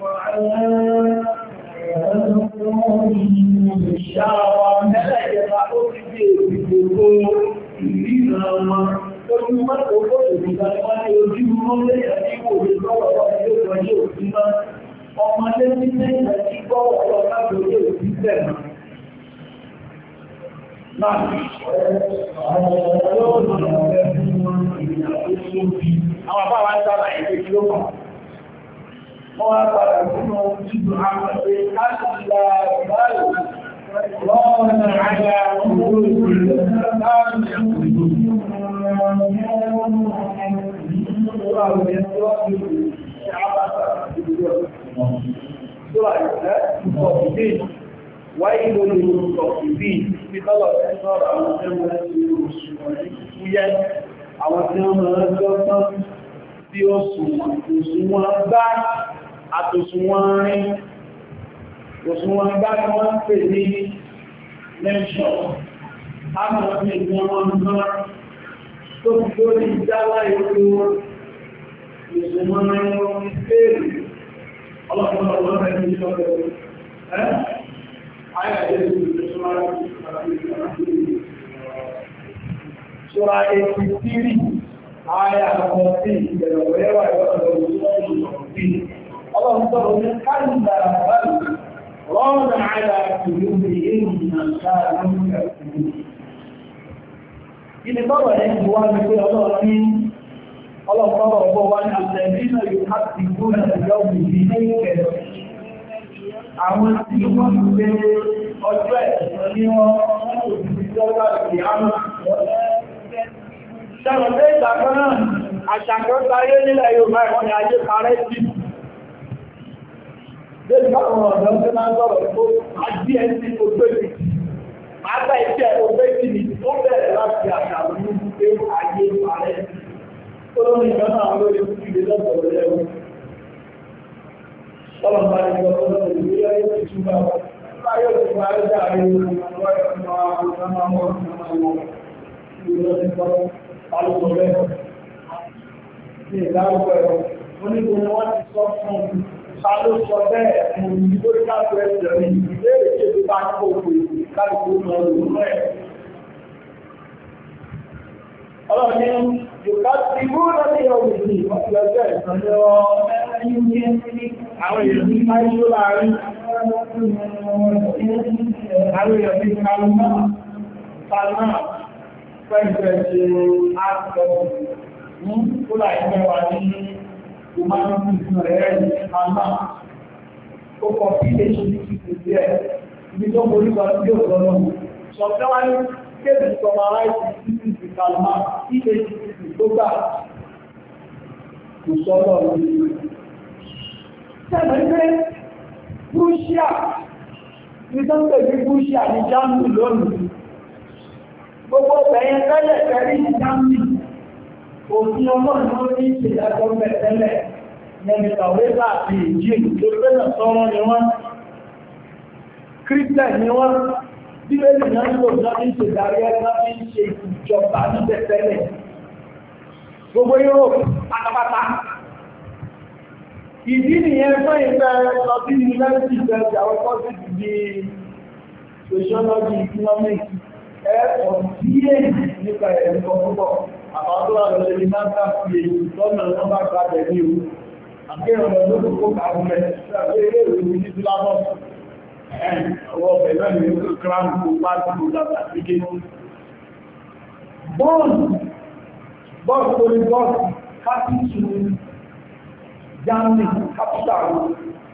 Wàhálà Ìṣàwọn mẹ́lẹ̀ ìjọba ó ti di èsì gbogbo ìlú ìran wọn lójú mọ́tò fóòtò nígbà tí wọ́n ní ojú mọ́lẹ̀ àti ìwò lè gbọ́wọ́ lọ sí ojú ọjọ́ òsì máa ọmọdé ní lẹ́yìn àti gbọ́wọ́ lọ láti ojú òsì tẹ̀lé. Náà, ọ̀rọ̀ ọ̀rọ̀ ọ̀rẹ́ fún wọn ìrìnà tó sóbi. Àwọn àbá wa ń sábà ètò ìlú Wọ́n á padà sínú ìlú àwọn ẹ̀ka ìlà ìbáyìí lọ́wọ́ Wáyé ló lè rúkọ̀ ìbí ìpítọ́lọ̀ tí sọ́rọ̀ àwọn tí wọ́n ti òṣùwọ̀n fúyẹ́, àwọn tí wọ́n mọ̀ lọ́gbọ́n tí ó sùnwọ̀n, òṣùwọ̀n gbá àtòṣùwọ̀n rin, òṣùwọ̀n gbá ni wọ́n pè ní mẹ́ṣọ̀ tó fi lórí ìdáwà ìlú wọn ìṣòwò máa ń wọ́n ní fèrè ọlọ́pàá ọlọ́pàá ẹni tó bẹ̀rẹ̀ ẹ́ ayàdé ìlú tó máa ń fi ṣọ́ra ètò ìtìrì ayà àwọn sí ìbẹ̀rẹ̀ wẹ́wà ìwọ̀n ọlọ́run sọ̀rọ̀ ní káàdùdà ilé bọ́rọ̀ ẹ̀ ti wá ní pé ọlọ́run ní ọlọ́pọ̀lọpọ̀ àṣàkọ́ta ayé nílẹ̀ Yorùbá ẹ̀kọ́ ni ayé parẹ́ sí Déjì báwọn ọ̀dọ́ tí máa ń sọ̀rọ̀ tó àdí ẹ̀sìn tó gbé Àgbà ìṣẹ́ òwe ti ní ó bẹ̀rẹ̀ láti àṣàrò ní pé ayé parẹ́. Olórin kan náà lórí ìdílé lọ́sọ̀rọ̀ lẹ́wọ̀. Bọ́lá bá ní ọjọ́ lọ́sọ̀rọ̀ ìwé ayé ti túbà. Láyé ti máa ń dà ní ọjọ́ ìfọ̀nà àwọn ọmọ ọmọ ọmọ ìlú lọ́sọ̀rọ̀ alùpùpù rẹ̀. Ní ìdáhùn pẹ̀lú, wọ́n ní ta ló sọ bẹ́ẹ̀ mo ní lórí káàtó ẹ̀sẹ̀ mi ìbéèrè tí èdè bá ń kó òkú káàkó mọ òun rẹ̀. ọlọ́ni yorùbá ti mú lọ́dẹ̀ ọ̀gbìn ní ọ̀pọ̀lọpọ̀ ẹ̀sán ní ọ àwọn èèyàn ní máa ń ló láàárín àwọn èèyàn ní kalmá kalmá pẹ̀lú ẹ̀sẹ̀ àtọ̀ ní kó láì mẹ́wàá ní o máa ń fi ìfún rẹ̀ ní àmà ó kọ bí ilé ṣe ní ìfún rẹ̀ ibi tó borí kan tí ó lọ́nà ṣọ̀tẹ́ wá ní kéèdì sọ̀rọ̀ ara ìsìn sí ti kàlùmá ilé ìsìn tó gbà kò sọ́rọ̀ lórí sẹ́mi pé Prussia ní tó ń pè ní Prussia ní Germany lónìí gbogbo ọ̀bẹ̀yẹn tẹ́lẹ̀ tẹ́lẹ̀ ní Germany òfin ọlọ́run ló ní ìṣèdájọ́ mẹ́tẹ́lẹ̀ lẹ́nu kàwé láti ìjì tó pẹ́lẹ̀ sọ́rọ́ ni wọ́n kírísítẹ̀ ni wọ́n bíbélì náà ń lò náà ní ìṣèdarí ẹgbẹ́ ní ṣe ìjọba ní tẹ́tẹ́lẹ̀ gbogbo yóò pátápátá ìdí nìyẹn fún ìfẹ́ lọ sí yunifásitì ìfẹ́ àwọn kọ́sì di sociology economics ẹ̀ẹ́dọ̀ díẹ̀ nípa ẹ̀rọ púpọ̀ àwọn tó wà lọ́lẹ́ ní máa ń bá fi èyí lọ́nà tó bá gba bẹ̀ ní o àkíyàn lọ lókùn kó kà ń bẹ̀ ṣàgbé ilé ìlú ní sílábọ̀ ọwọ́ bẹ̀ lọ́nà ní kíláàmù kó bá dúró dáadáa sí gé bọ́ọ̀lù bọ́ọ̀lù tó ní bọ́ọ̀lù kápítù germany capital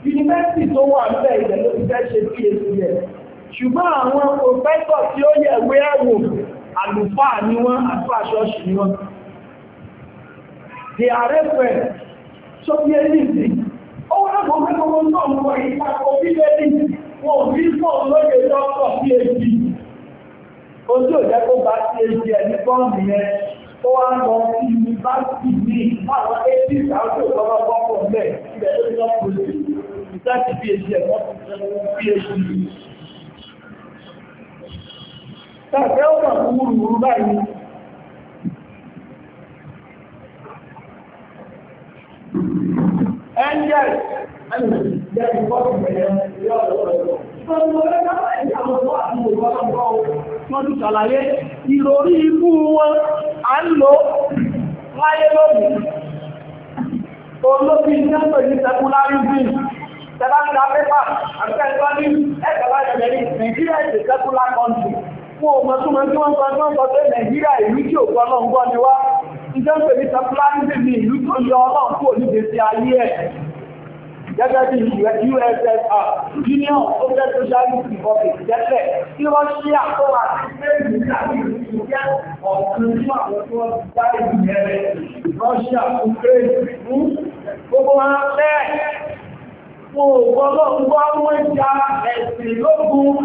yunifásitì tó wà ń bẹ̀ ilẹ̀ ló ti fẹ́ ṣe phd ṣùgbọ́n àwọn pòfẹ́sọ̀ tí ó yẹ̀ wé àlùfáà ni wọ́n àtúwà ṣọ́ọ̀ṣì ni wọ́n di ààrẹ pẹ̀ sọ́bíẹ́lìsì ó wọ́n lọ́pọ̀ mẹ́kọ̀ọ́ náà mọ̀ ìpapọ̀ bíbélì wọn ò rí pọ̀ lóye lọ́pọ̀ sí èjì ojú òjẹ́ kó bá sí èjì ẹni bọ́ọ̀nù yẹn ó wá lọ sí yunifásitì ní àwọn èjì ìsáwọ́sí òkọ́lọ́ bọ́ọ̀pọ̀ mẹ́ ìbẹ̀ lórí lọ́pọ̀ sí ìsáàtì phd ẹ̀kọ́ tàbẹ́ ọmọ múrùmúrù báyìí angel jẹ́ ìfọ́sùn ẹ̀yẹ yọ́ ọ̀rọ̀ Wọ́n tún ṣàlàyé ìròrí ikú wọn a ń lò láyé lónìí. Olóbi ìjọ́sọ̀ yìí sẹ́kúnlárí bíi tẹ́lámìnà pépà àti ẹ̀kọ́ ní ẹ̀kọ́ láyé lẹ́yìn Nàìjíríà ìsẹ̀kúnlá kọ́ntì fún ọmọ tó máa tí wọ́n sọ tó ń sọ pé nàìjíríà ìlú tí ò gbọ́nà ń gbọ́ ni wá ìjọ́ ń pè ní saplanity ní ìlú tó yọ ọlọ́run kò ní gbèsè ayé ẹ̀ gẹ́gẹ́ bí USSR Union Social Socialist Republic jẹ́tẹ̀ tí wọ́n ṣí àkọ́wà Gbogbo wọn lẹ́ Mo gbọ́gbọ́ gbọ́ wọ́n já ẹ̀sìn lógún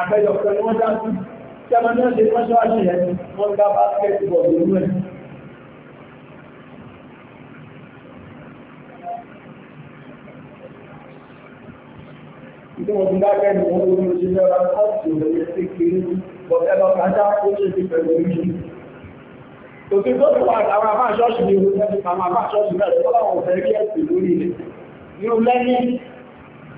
àbẹ́yọ̀kẹ́ ni wọ́n dá sí tí a máa náà ṣe mọ́ṣáláṣí yẹn wọ́n dá báskẹ́tì bọ̀ lórí ẹ̀. Ìdí wọn ti dákẹ́ ni wọ́n lórí oṣù lọ́ra láti òwúrọ̀ sí kiri bọ̀tẹ́ lọ kájá ó ṣe ti pẹ̀lú orí. Òtí tó ti wà àwọn àbá ṣọ́ọ̀ṣì ni àwọn àbá ṣọ́ọ̀ṣì náà lọ́wọ́ àwọn òfẹ́ kí ẹ̀sìn lórí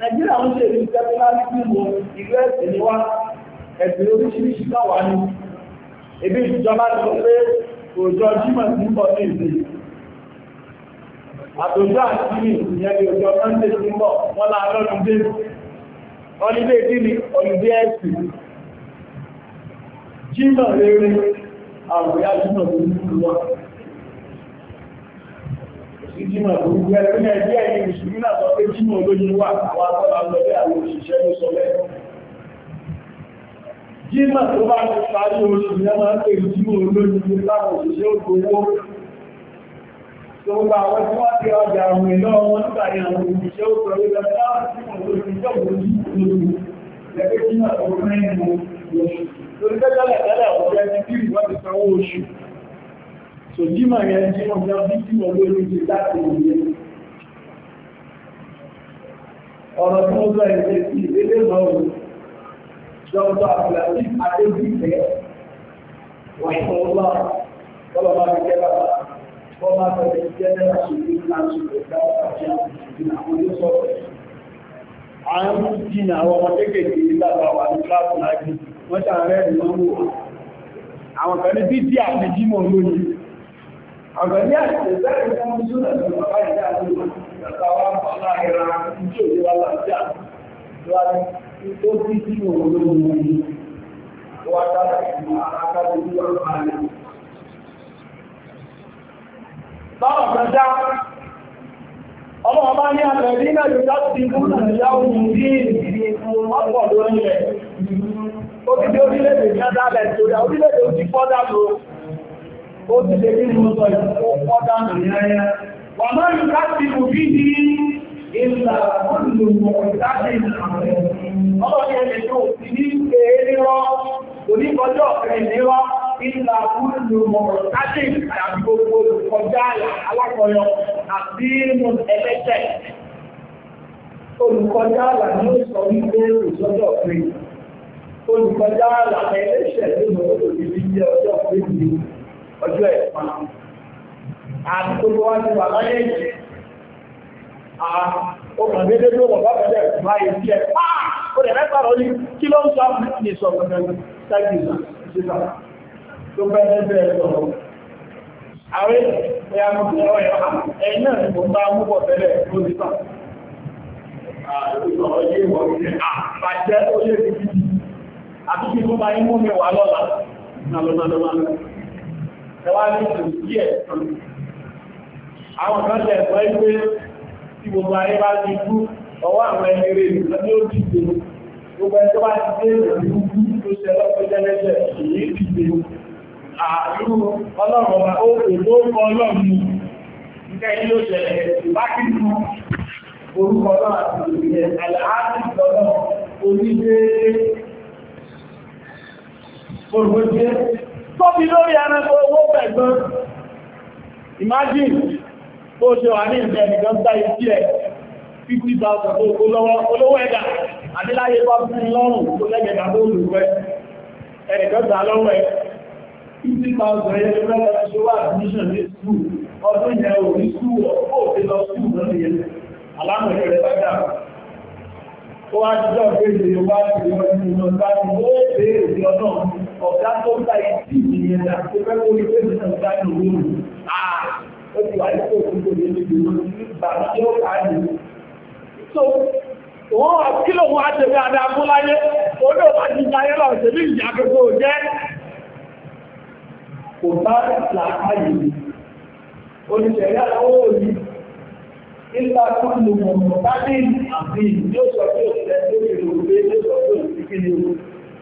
nàìjíríà ń ṣe ìlú tẹ́kọ́láàtì mú ìlú ẹ̀sìn ní wá ẹ̀sìn oríṣiríṣi náà ní ebi ìjọba ti pé òjò jímọ̀ sí bọ̀ ní ìsìn àtòjọ́ àti ìyẹn ní òjò sunday ti bọ̀ wọ́n lá lọ́dún dé ọlídé kí ni ọlídé ẹ̀sìn jímọ̀ rere àwòyá jímọ̀ sí ìlú wọn ìjímọ̀ òkúrú ẹgbẹ́ ẹgbẹ́ ẹ̀yìn mùsùlùmí náà sọ pé jímọ̀ olóyìn wà àwọn akọ́lá ń lọ́lẹ́ àwọn òṣìṣẹ́ ló sọ lẹ́nu jímọ̀ tó bá ti parí olóyìn náà máa ń pè jímọ̀ olóyìn láwọn òṣìṣẹ́ ògbówó so jímọ̀ yẹn tí wọ́n jọ bí tí wọ́n lórí ti láti ìwé ọ̀rọ̀ tí wọ́n sọ ìwé sí ìdílé lọ́wọ́ dọ́kítọ̀ àfúlàsí adébíkẹ́ wàṣọ ọlá ọlọ́ bá fi kẹ́ bàbá wọ́n máa tẹ̀lé jẹ́nẹ́rà ṣùgbọ́n náà ṣùgbọ́n dáwọ́ àti àwọn yóò sọ pé àwọn jìnà àwọn ọmọ kéékèèké lábàá wà ní kíláàsì láti wọ́n ṣàrẹ́ ìlú àwọn kan ní bíbí àti jímọ̀ lónìí عمليات الإنسان كان مسؤولا عن المقاعد القوام الظاهرة الجهد والله جاء وتوفيق وغلوه وترك المعركة بالأرمان طرف جاء الله ما هي الذين يكذبون اليوم الدين أقوى دولة Ó ti dé orílẹ̀-èdè ní ọdá Nàìjíríà, orílẹ̀-èdè ó ti fọ́dá lóòrùn ó ti lè kí ni mo sọ ìfọ́ ọ̀dá nìyẹn wà máa ń ká sí òbí ní ìlà olùgbò ìdájì àwọn ọlọ́dẹ ẹni tó ti ní ṣe é nírọ́ oníkọjọ́ ọ̀fẹ́ nírọ́ ìlà olùgbò ìdájì àti gbogbo olùkọjá alákọyọ àti inú ẹlẹ́tẹ̀ olùkọjá àlà ni ó sọ wípé òṣọ́jọ́ ọ̀fẹ́ olùkọjá àlà ẹlẹ́ṣẹ̀ nínú olùdíje ọjọ́ ọ̀fẹ́ yìí ọjọ́ ẹ̀fọn àti gbogbo ti wà láyé yìí ọkàn dédé tó wọ̀ báyé sí ẹ̀ ó rẹ̀ mẹ́ta ní kí ló ń sọ ní sọ gbẹ̀gbẹ̀ ṣẹ́gbìnà síta tó bẹ́ẹ̀ bẹ́ẹ̀ sọ̀rọ̀ àwẹ́ ẹ̀yà mọ̀kẹ́rọ̀ ẹ̀yìn fún bá yín mú mi wà lọ́la nà ẹwà ní ìlú yẹ̀ àwọn kan lẹ̀ pẹ́ pé tí gbogbo ayé bá ti kú ọwọ́ àwọn ẹni rẹ̀ nìkan ní ó dìde gbogbo ẹni tó bá ti dé ìlú tó ṣe lọ́pẹ́ jẹ́lẹ́jẹ́ èyí dìde ààrùn ọlọ́run ọba ó pè ló kọ ọlọ́run nígbà yìí ló ṣẹlẹ̀ ìbákìtù orúkọ náà àti ìrìnlẹ̀ àlàáfíì lọ́nà onídéé Tọ́bi lórí ẹranko owó pẹ̀gbọ́n. Imagine, bó ṣe wà ní ìfẹ́ nìkan tá ìsí ẹ̀ 50,000 olówó ẹ̀dà, àdíláyé bá fún lọ́rùn tó lẹ́gbẹ̀ẹ́gbà tó lù pẹ́. Ẹnìkan gbà lọ́wọ́ ẹ̀ 50,000 ẹ̀yẹ́ lọ́wọ́ ṣe wà admission ní school, ọdún yẹn ò ní school ọ̀pọ̀ òfin lọ school lọ́nà yẹn. Àlámọ̀ ìrẹ̀ bá dà. Ó wá jíjọ́ pé ìrẹ̀ wá ti lọ sí ìlọ́ta ní ó béèrè ní ọ̀nà ọ̀gá tó ń ìdí ìyẹn náà tó fẹ́ kó ní bẹ́ẹ̀ náà ń dáná ó ti wà ní ibi ìlú bàbá tí ó kà á nì. so wọ́n wá kí ló wọ́n á tẹ̀lé adé abúláyé orí òun ti jayé lọ tẹ̀lé ìyá gbogbo jẹ́. kò bá làákàyè oníṣẹ̀yà lọ́wọ́ òní nígbà tó ń lo mọ̀mọ́ bá ní àbí yóò sọ pé òṣèlú lórí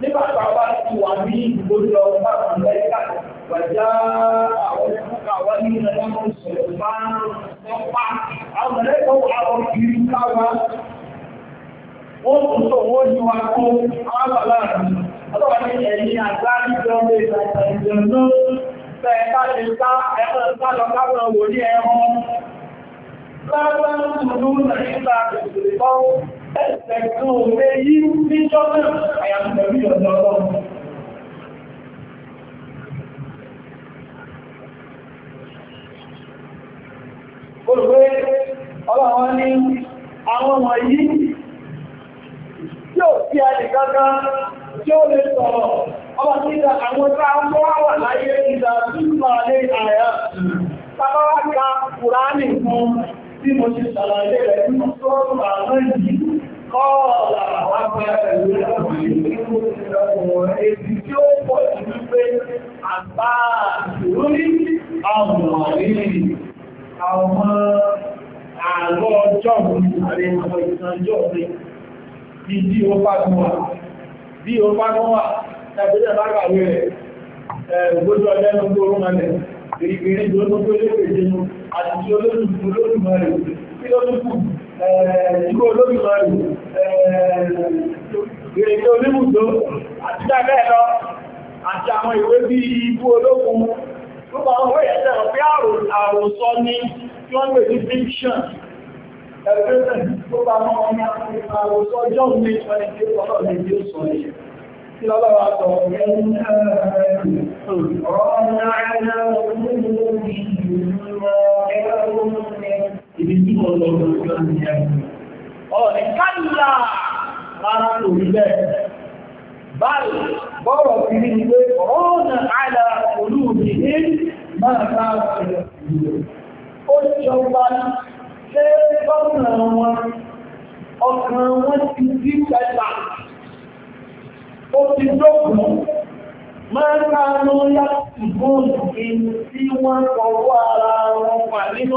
nígbà tó àwa ti wà ní ìdìbò lọ bá amẹ́ríkà wàjá àwọn ìfúnka wa ní ìrẹ̀lẹ́ mọ́ sọ̀rọ̀ bá ń pa àwọn mẹ́lẹ́kọ̀ àwọn kiri káwa wọ́n tún sọ wọ́n ní wa kó alábàlá rẹ̀ ọlọ́wà bá ti ká ẹ̀sẹ̀ kan ò lè yí ní jọ́nà àwọn ọmọ yìí tí tí ó lè sọ̀rọ̀ a mọ́ wà láyé ìdá Kọ́ọ̀lá àpẹẹrẹ ìrìnlẹ́gbẹ̀rẹ̀ èdè tí ó pọ̀ sí wípé àgbáà lórí àwọn ọ̀rìn àwọn àlọ́ ọjọ́ mi àrẹ àwọn ìsànjọ́ mi bí bí ó pàdúwà. Bí ó pàdúwà, tàbílẹ̀ bá gbàwé rẹ̀, ògbójú ọjọ́ ẹnu tó rún mẹ́lẹ̀, ìrìnlẹ́gbẹ̀rẹ̀ tó tó lé ìgbò olóbìnrin ìrètò oníbùdó àti dábẹ́ lọ àti àwọn ìwé bí ibú olókun púpọ̀ owó ẹ̀sẹ̀ ọ̀pẹ́ àròsọ ní tí wọ́n pè ní fiction ẹgbẹ́sẹ̀ tó bá mọ́ ní ọ̀rẹ́dẹ́ ọlọ́rẹ́ ní ó sọ tí lọ́lọ́wà sọ ibi tí wọ́n lọ lórí ọ̀nà ẹ̀kùn. Ọ̀rẹ́ kálà rárá lórí bẹ́ẹ̀. Báyìí, bọ́rọ̀ fi rí ni pé ọ̀nà àìlà olóòdì ní máa bá ṣe ó jọba ṣe wọn, ọkàn wọn ti dí pẹ́ta. Ó ti dókùn máa kánú láti bóòdì tí wọ́n kọwọ́ ara wọn pà nínú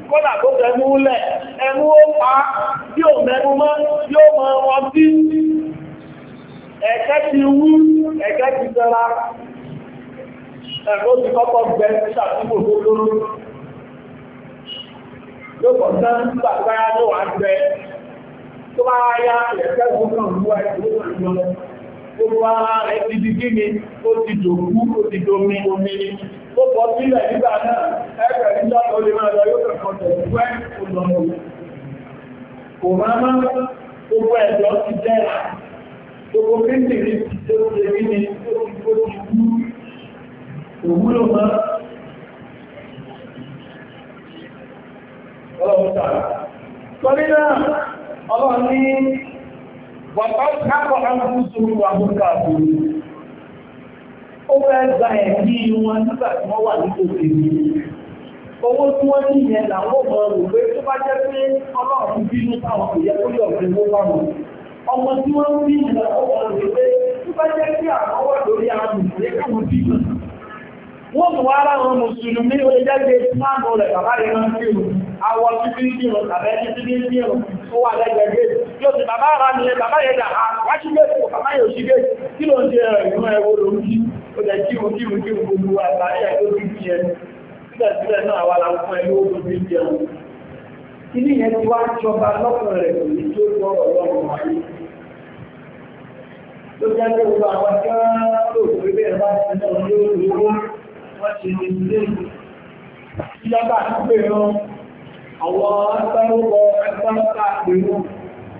kọ́là tó tẹ̀mú lẹ̀ ẹmú ó pa tí ò mẹ́mú mọ́ tí ó mọ wọn tí ẹ̀kẹ́ ti wú ẹ̀kẹ́ ti tẹ́ra ẹ̀kọ́ ti kọ́kọ́ gbẹ ṣàtúgbò tó lóró yóò kọ̀ tán gbogbo ara rẹ̀ ti di kí ni ó ti dòkú ó ti domi omi ó bọ́ sílẹ̀ nígbà náà ẹgbẹ̀ nígbà tó lè máa lọ yóò kẹ̀kọ́ tẹ̀lú wẹ́ òlọ́mọ kò máa máa gbogbo ẹ̀dọ́ ti jẹ́ra gbogbo kéńtìrí ti tó ṣe rí ni tó ti kó ti kú òwúlò máa ọlọ́run tààrà torí náà ọlọ́run ní wàbá kápọ̀ àwọn oúnjẹ O fẹ́ gba wọn nígbà tí wọ́n wà tèmi tí wọ́n ní làwọn ọmọ pé tó bá jẹ́ pé ọlọ́run bínú táwọn kò yẹ kó ọmọ tí wọ́n ọmọ pé tó bá jẹ́ pé lórí àmì wọ́n mú ara wọn mùsùlùmí ó lè jáde máàmù rẹ̀ bàbá rẹ̀ máa ń fi awọ títí ní títí ní ó jẹ́ kí òun kí òun kí òun gbogbo àtàrí ẹ̀kọ́ tó ti ẹ síbẹ̀síbẹ̀ náà wà láwọn ẹni ó lóbi jẹun ilé yẹn ti wá jọba lọ́kàn rẹ̀ kò ní tó lọ ọ̀rọ̀ wáyé tó jẹ́ pé gbogbo àwọn kan ló pé bẹ́ẹ̀ bá ti náà ló lówó wọ́n ti ní ilé ìyá bá ń pè wọn àwọn agbárúkọ agbárúkọ àpè wọn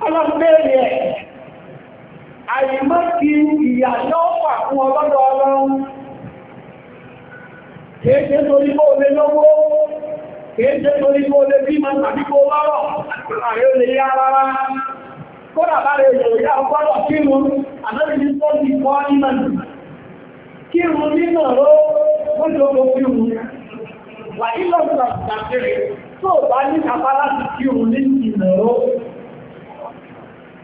ọlọ́pẹ̀rẹ̀ ẹ̀ àyèmọ́ ti ìyà náà pà fún ọlọ́dọ̀ ọlọ́run kéèké torí bó lè lọ́wọ́ kéèké torí bó lè bí ma tàbí kó lọ́rọ̀ ààrẹ olè yá rárá kódà bá rẹ̀ ìyẹ̀wò yá ọgbọ́dọ̀ kírun àdọ́bìnrin tó ti kọ́ nínà kírun nínà ró wọ́n tó kó kírun ní àpá kírun ní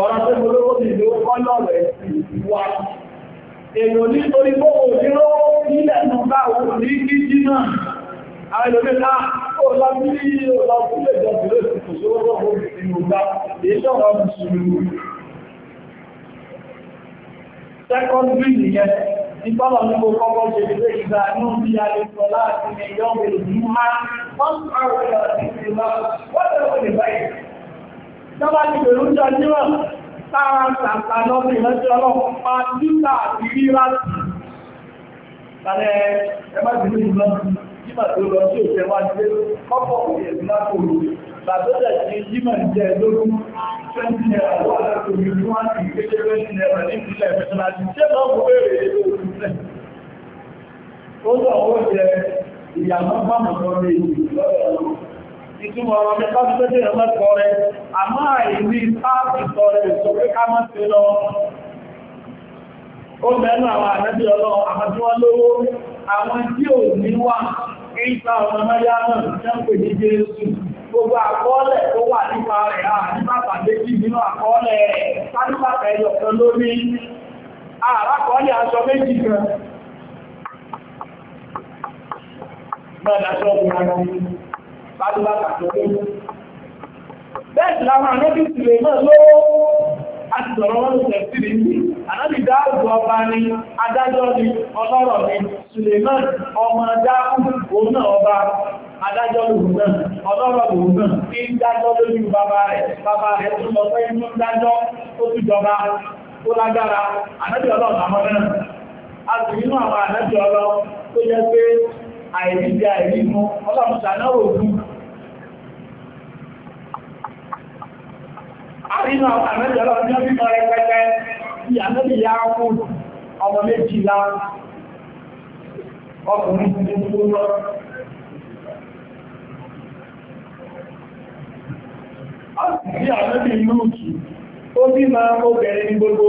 Ọ̀rọ̀ tó mo lówó ti lówó kọ́ lọ́rọ̀ ẹ̀sìn wa. Èèyàn nítorí bó o ní lówó nílẹ̀ nù bá òun ní kíjí náà. Àwọn ìlòmí náà kó lọ sí ọ̀lọ́ sílẹ̀ jọ sí lóṣù kò sí owó tó ti nù bá. Èyí sọ̀rọ̀ mùsùlùmí. Sẹ́kọ́ndì nìyẹn, ìtọ́lọ̀ ní mo kọ́kọ́ ṣe ilé ìgbà ní bí a lè sọ láti ní ìyọ́ tọ́bá ti pẹ̀lú jọ jíwọ̀ táwọn tàbí lọ́pìn lọ́jọ́ ọlọ́pàá títà àti rírá Tàbẹ́ ẹgbẹ́ ìlú ìlú jímọ̀ tó lọ sí òṣèrè wá ní kọ́pọ̀ òyìnbó lápò òru. Bàbọ́dẹ̀ ti jímọ̀ jẹ́ lógún 20 naira wà lọ́pọ̀ òyìnbó wá ní ìgbésẹ̀ 20 naira ní ìpínlẹ̀ Mẹ́tọ́lá ti jẹ́ lọ́pọ̀ bèèrè èdè òkú sílẹ̀. Ó sọ owó jẹ ìyàmọ́ bá mọ̀ lọ́rẹ̀ ìlú lọ́rẹ̀ ọlọ́pàá. ìtumọ̀ ọ̀rọ̀ mi tọ́jú tó dèrò mẹ́kọ̀ rẹ̀ àmọ́ àìní sọ rẹ̀ sọ pé ká mọ́ sí lọ ó mẹ́nu àwọn àrẹ́bí ọlọ́ àwọn lówó àwọn tí ò ní wà ọmọ mẹ́yà náà jẹ́ ń gbogbo bàtàbàtà tó lé bẹ́ẹ̀ sì láwọn anábì sì lè náà lówó a ti sọ̀rọ̀ wọn lóṣẹ̀ sí ní ní anábì dáàbò ọba ni adájọ́ ni ọlọ́rọ̀ ni Suleiman ọmọ dáàbò òun náà ọba adájọ́ lòun náà ọlọ́rọ̀ lòun náà ní dájọ́ lórí bàbá rẹ̀ bàbá rẹ̀ tó lọ pé inú dájọ́ ó tún jọba tó lágbára anábì ọlọ́run àmọ́ náà a sì nínú àwọn anábì ọlọ́run tó jẹ́ pé àìríjẹ àìrímú ọlọ́pùsà náà ògùn àrínà àmẹ́jọ́lọ́ ní ọdún rẹpẹtẹ bí àmẹ́lì ya kú ọmọ méjìlá ọkùnrin Bí àwọn gbogbo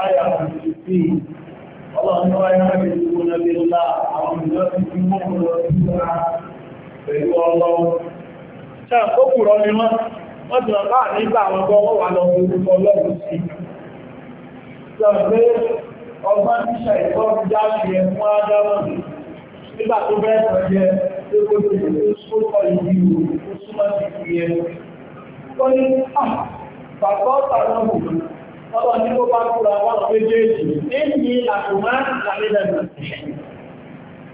àyà àti ọlọ́run wáyé láti ìlú nàbí ńlá àwọn ìlọ́sí tí wọ́n mú lọ sí ọ̀rá pẹ̀lú ọlọ́run. ṣe àkókùrọ̀ ni wọ́n wọ́n ti rọ̀ láà nígbà àwọn ọgbọ́n wọ́n wà lọ orúkọ ọlọ́run sí. sọ pé ọgbọ́n tí ṣàìkọ́ ti já sí ẹ fún ádámọ̀ nígbà tó bẹ́ẹ̀ sọ jẹ ọlọ́ ní ó bá kúra wọ́n méjèèjì èyí àkùnmá àrílẹ̀nà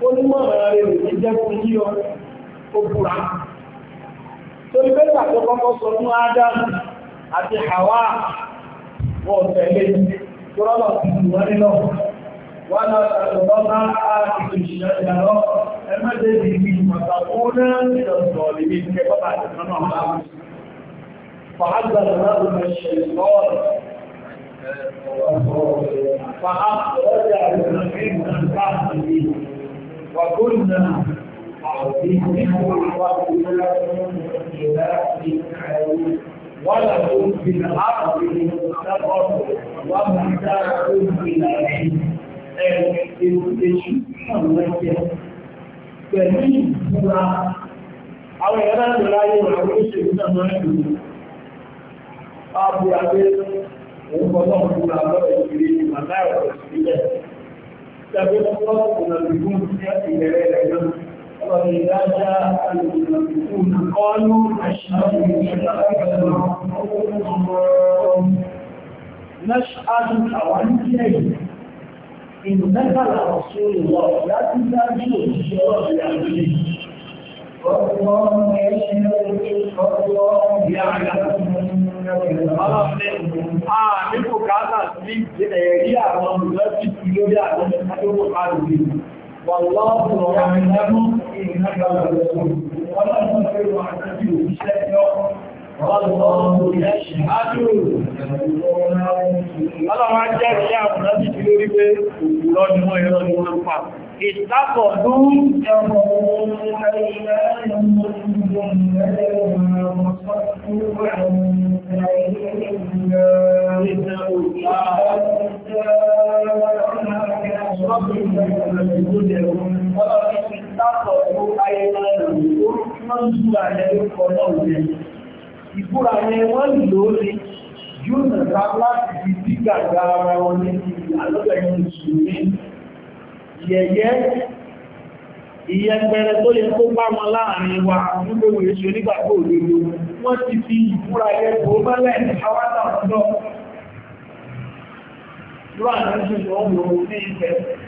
onímọ̀ràn rẹ̀ ti jẹ́ fún yí ọ ó kúra torí pé pàtó kọ́kọ́ sọ fún Ádámù àti Hawa wọ́n tẹ̀lé kúrọ́lọ̀ ti tù wọ́n nínú wọ́n lọ sàtọ̀lọ́ bá àtìkò ìṣẹ̀lẹ̀ lọ ẹgbẹ́dẹ́ ìbí pàtàkùnà ìdọ̀tọ̀ ìbí kẹfọ́ فأخرج المسلم من بعده وكنا عظيمه وكنا ولكم في الأرض مستقر ومحتاج إلى علم Pẹ̀lú ìfúra, àwọn ìrẹ́lẹ́dẹ̀ láyé ìrànlọ́ṣẹ̀ ìgbẹ̀mọ̀ ẹ̀dùn. من àgbẹ̀ òun bọ́ náà fún àbọ̀rọ̀ ìṣẹ̀lẹ̀ ìwà láàrọ̀ sílẹ̀. Ìjàgbé lọ́wọ́ ìrìnàlùkún sí ìrẹ̀lẹ̀ rẹ̀ náà. Ọlọ́run ìdájá alùpùpùpùn kọ́lù àṣàrù ìṣẹ́lẹ̀ Nash'adu àwọn jẹ́ ìrìnàkàlà ọ̀ṣun ìwọ̀ láti dájú òṣìṣẹ́ ọ̀rẹ́ àgbẹ̀. Ọlọ́run ẹ̀ṣẹ́ ọ̀rẹ́ ọ̀rẹ́ àgbẹ̀. ọlọ́pẹ́ àmì kò káàkà sí ẹ̀rí àwọn olùlọ́sí ti lórí àwọn ìpàdókò àrùbí wàlọ́pùn ọ̀rọ̀ ìlẹ́mú ìrìnàgbàlẹ̀ ọ̀rọ̀ ọlọ́pùn ọ̀rọ̀ àti òṣìṣẹ́ ẹ̀kọ́ Ọlọ́run jẹ́ ìyá àwọn ọ̀nà títí lórí pé òkúrọ́ ni wọ́n ẹ̀rọ ni wọ́n ń pa. Ìtàkọ̀ lórí ẹ̀mọ̀ ohun ẹ̀rọ ìrìnlẹ́ Ìfúra yẹn wọ́n lò ó ní Júnà ta láti fi dígbà gba ara wọn ní àlọ́bẹ̀rẹ̀ ìṣòrí. Yẹ̀yẹ́ ìyẹgbẹ̀rẹ̀ tó yẹ kó bá wọn láàrin wa nígbèwò èṣù nígbàgbò òdodo. Wọ́n ti fi ìfúra yẹn tó mọ́lẹ̀ ní àwátà ọ̀dọ́. Ìrọ̀ àdájú ìwọ̀n wò ní ìfẹ́.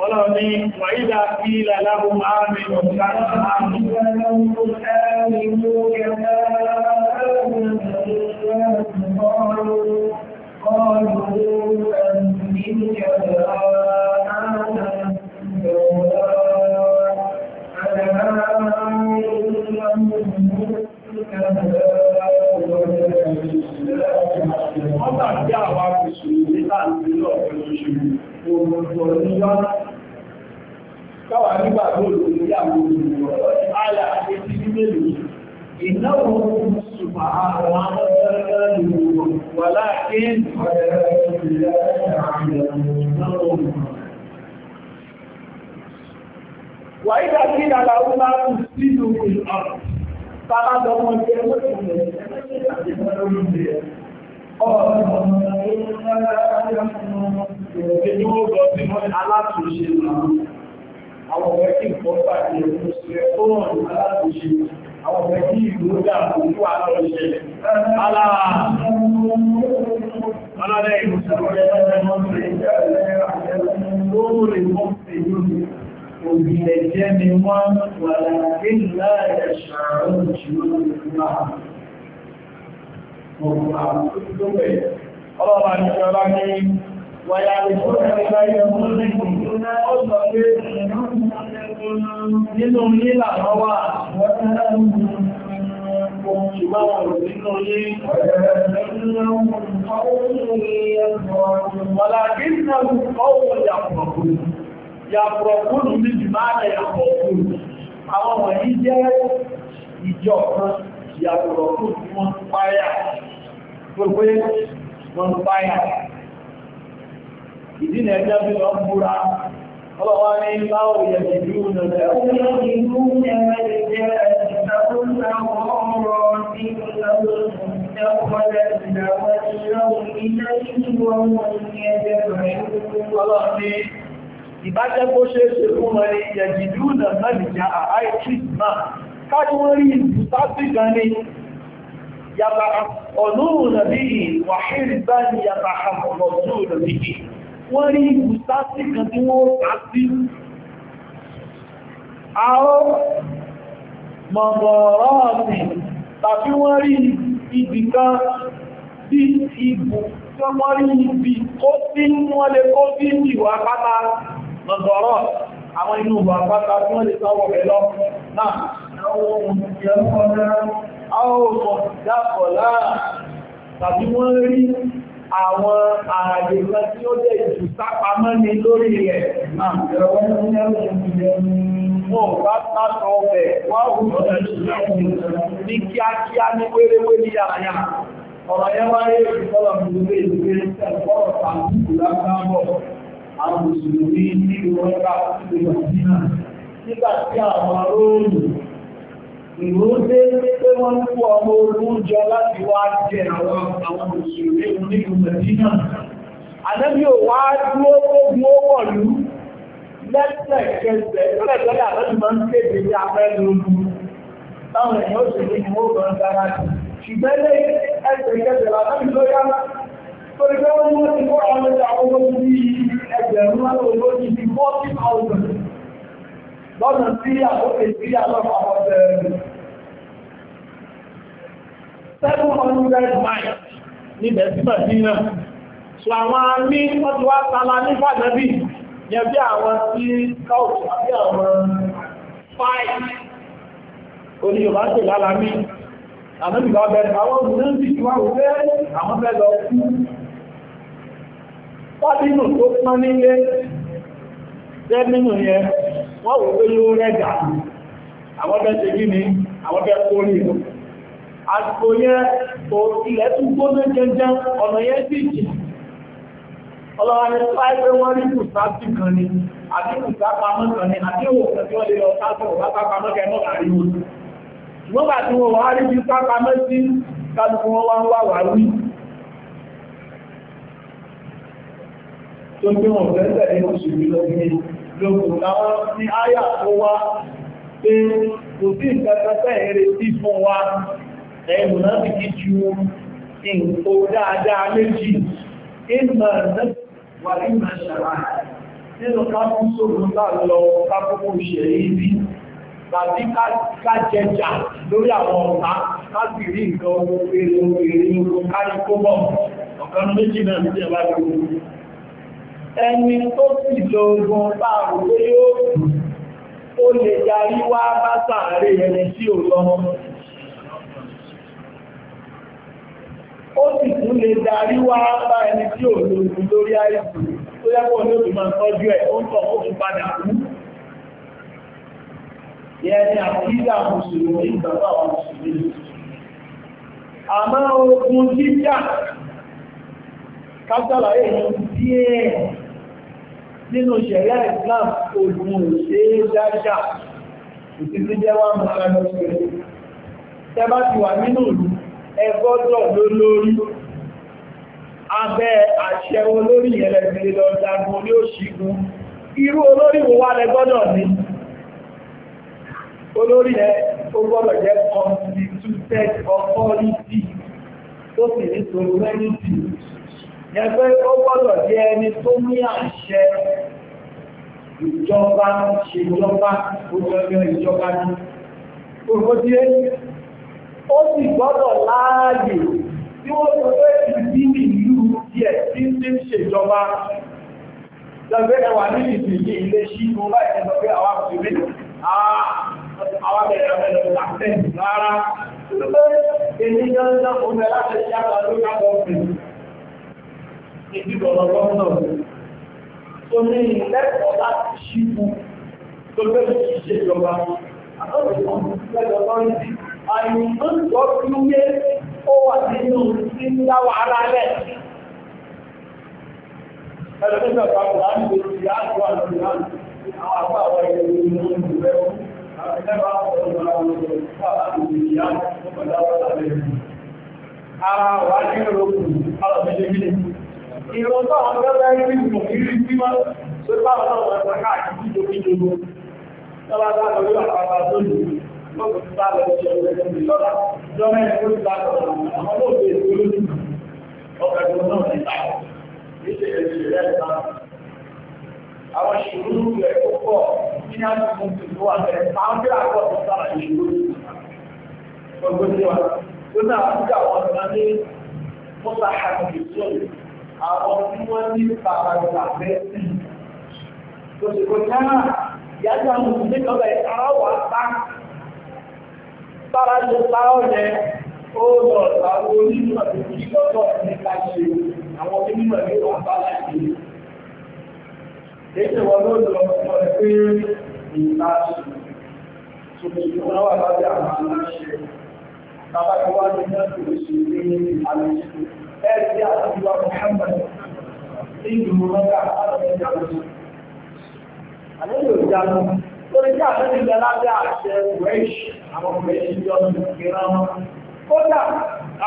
ọlọ́run ní wàídà kí làlábùn ààrin ọ̀gá ààrin Wọ́n tàbí àwọn akùsù nígbà ìlú ọ̀pẹ̀lú ṣe mú òmùtọ̀ níyá káwà nígbà tó lò ní àwọn olùwọ̀ àyà àti mélòó ìnáwó ṣùgbà àwọn akẹ́kẹ́ lòwọ̀ wà láàrín Wàídà kí ìdàlà ó máa ń sínú ìlú ọ̀rọ̀, tàbátọ̀ wọn jẹ́ mọ́sílẹ̀ ẹgbẹ́ ìgbẹ́ Àwọn ọ̀rẹ́ kí ìfọ́pàá ti ẹ̀kùn sí ẹ̀kọ́ ọ̀rọ̀ aláàbòṣe, àwọn ọ̀rẹ́ kí ìlú dàbò fún àwọn ìṣẹ̀lẹ̀. Aláà! Ọlọ́rẹ́ ìrùsọ̀rọ̀ ẹgbẹ̀rẹ̀ mọ́sí ìjẹ́ ẹ̀rẹ̀ àjẹ́lẹ̀ gbogbo àwọn tó bẹ̀rẹ̀. Ọlọ́pàá ní ọlá ní wáyá Yàpùrọ̀kúnù ní jùmáà yàpùrọ̀kúnù, àwọn wọ̀nyí jẹ́ ìjọ kan ìyàwó kò tí wọ́n ń páyà gbogbo wọn ń páyà ìdínà ẹjọ́ bí wọ́n múra ọlọ́wọ́ ní láwọ̀ ìyẹ̀kì bí ó nà jẹ́ Ìbájẹ́ kó ṣe ṣe fún ọmọ ìyẹ̀jìdú nà náà nìjà àáyé Christmas káàkiri wọ́n rí ìbùsásí gan ní yàtà ọ̀nùrù nàbí wàhírí bá ní yàtà ọ̀nùrù nàbí wọ́n rí ìbùsásí gan tí wọ́n sásí àó mọ̀mọ̀rọ̀ ọ̀sìn tàbí wọ́n rí ibìkan bí ibù tí wọ́n rí ibi kó tàbí wọ́n rí àwọn ààrẹ kan tí ó jẹ́ ìjù sápamọ́ ní lórí rẹ̀ wọ́n bá tàbí ọ̀fẹ́ wọ́n rú ní kíákíá ní wéréwé ní yàrá ọ̀rọ̀ yẹn wáyé ìfọ́lọ̀ ìlúgbé ìlúgbé ìfọ́lọ̀ tàbí lágbàbọ̀ àwọn òṣèlú ní ìlú ọ̀gá ìlú ọ̀dínà nígbà tí àwọn róòlù ìlú dé pé wọ́n kú ọmọ ogun jọ láti wá jẹ àwọn àwọn òṣèré onílù mẹ́dínà àdẹ́bí ò wá dúró gbogbo pọ̀lú lẹ́sẹ̀kẹsẹ̀ lọ́lẹ̀lọ́lẹ̀ àlọ́dún máa ń kéde ní abẹ́lú ogun táwọn èèyàn ó sì ní ìwọ̀n kan dára jù ṣùgbọ́n lé ẹsẹ̀kẹsẹ̀ làbẹ́bí ló yá torí pé wọ́n mú ti kọ́ ọmọ ìjà owó sí ẹgbẹ̀rún lọ́wọ́ lójú sí 40,000 lọ́nà tí àkókè sí àlọ́pàá ọ̀sẹ̀ rẹ̀. seven hundred miles ní bẹ̀símọ̀ sí náà so àwọn amí ọdún wá tala ní fàdẹ́bì yẹn bí àwọn tí couch àbí àwọn five oní yorùbá tè lára mí àwọn ìgbà bẹ̀rẹ̀ àwọn òmìnirí ti wá wúlé àwọn fẹ́ lọ kú fàdínù tó pán nílé tẹ́mínù yẹn wọ́n wò pé yóò rẹ̀gà àwọn bẹ́ ṣe gíní àwọn bẹ́ kórí ìlú àsìkò yẹn tó ilẹ̀ tún gbóná jẹjẹ ọ̀nà yẹn sì jì ọlọ́wọ́ ni láìpẹ́ wọ́n rí kùsáàtì kan ni àti kùsáàpamọ́ kan ni àti òwò kan tí wọ́n lè lọ sáàtọ̀ wọ́n sáàpamọ́ kẹ́ náà rí wọn ṣùgbọ́n bá tí wọ́n wá rí bí sáàpamọ́ sí kálukú wọn wá ń wà wá wí tó gbé wọn fẹ́ tẹ̀lé oṣù mi lọ́gbìn lọ́gbọ̀n láwọn ní áyà tó wá pé kò sí ìgbàgbàtà ẹ̀rẹ́ sí fún wa ẹ̀mù náà ti kí ju nǹkan dáadáa méjì ìmọ̀ náà wà ní ìmọ̀ ṣàrà nínú káfún sóòrùn láàlọ́ káfún òṣèré ibi tàbí kájẹjà lórí àwọn ọ̀tá láti rí nǹkan ogun eré ogun eré ogun kárí kó bọ̀ ọ̀kan méjì náà ní ìjẹba gbogbo ẹni tó sì lóògùn bá òwe yóò ó lè darí wá bá sàárè ẹni tí ò lọ ó sì tún lè darí wá bá ẹni tí ò lóògùn lórí àìsàn tó yẹ́pọ̀ ní òtù máa tọ́jú ẹ̀ ó ń tọ̀ ó fi padà kú yẹni àkídà mùsùlùmí ìgbàgbà àwọn mùsùlùmí àmọ́ ogun jíjà kásàlàyé yìí díẹ̀ nínú ṣẹ̀rẹ́ Islam ògùn òṣè dájá òtítí jẹ́ wá mọ́ ẹgbẹ́ tẹ́bá ti wà nínú ìlú ẹgbọ́dọ̀ lólórí abẹ́ àṣẹ olórí ẹlẹ́gbẹ̀rẹ̀ lọ́dágun ní òṣìgun irú olórí wo wá lẹ́gbọ́dọ̀ ní olórí ẹ ó gbọ́dọ̀ jẹ́ constituted authority tó sì ní sọ̀rọ̀ mẹ́rin Ẹgbẹ́ ó gbọ́dọ̀ jẹ́ ẹni tó ní àṣẹ ìjọba, ṣèjọba, òjòjò ìjọba ní. Òjò tí ó sì gbọ́dọ̀ láàyè tí wọ́n tó fẹ́ ìdí ìlú díẹ̀ tí ń tí ń ṣèjọba. Lọ́gbẹ́ ẹwà ní ìdílé ilé sí mo bá ìṣẹ́jọ pé àwọn àkùnrin àwọn abẹ́rẹ́ ọ̀rẹ́ lọ́pẹ́ rárá. Ènìyàn náà ó bẹ láti ṣe àwọn olóyàbọ̀ ọ̀pẹ̀ ìdíbò lọ́gọ́nà tó ní ìlẹ́kọ̀ọ́ láti ṣíkú tó lẹ́kọ̀ọ́ sí ìṣèjọba àtọ́rọ̀ ìjọba ń sí àìyàn tó ń ó wà nínú sí láwà ara rẹ̀ Ẹgbẹ́gbẹ́ pàtàkì láti lè fi àjọ àti àwọn àpá àwọn ìlú ìlú ìlú rẹ̀ àti lẹ́bàá àwọn ọ̀dọ́ àwọn ọ̀dọ́ pàtàkì ìyá ọ̀pọ̀lọpọ̀ àwọn ìlú. Ara wà ní ìrọ̀kùn, alọ̀ méjèèjì ìrùn táwọn gẹ́gẹ́ rí mọ̀ ní rí sí wọ́n tó táwọn náà wọ́n ṣe káàkiri tó kí jogbo lọ́wọ́ bá lọ rí àpapà tó lù lọ́pọ̀ tí bá lọ sí ọ̀rẹ́ tó lọ́lá lọ́mọ ẹni tó ti bá lọ àwọn olóògbé èkó lójú ọkọ̀ tó náà ti tà níṣẹ́ ẹ̀ṣẹ̀ rẹ̀ ta àwọn ìṣòro rẹ̀ tó pọ̀ kí ní àtúntò tó tó wà bẹ̀rẹ̀ àwọn bí àkọ́ tó sára ìṣòro gbogbo tí wa tó náà ń gbà wọn ní mọ́tà àti ìṣòro àwọn tí wọ́n ní bàbàgbà bẹ́ sí òṣèkò náà yájú àwọn òṣèlú ìjọba ìtara wà bá bára lè pa ọ̀rẹ́ ó lọ àwọn onímọ̀ tí ó lọ nípa àwọn onímọ̀ ní wà láti Èyí ẹ̀rí àtúwà Muhammad ìlú mọ́gá àtúwà àlejò ìjánu lórí tí àtúwà ìlú lábẹ́ àṣẹ wẹ́ṣ àwọn wẹ́ṣ yọ ìgbéra wọn kódà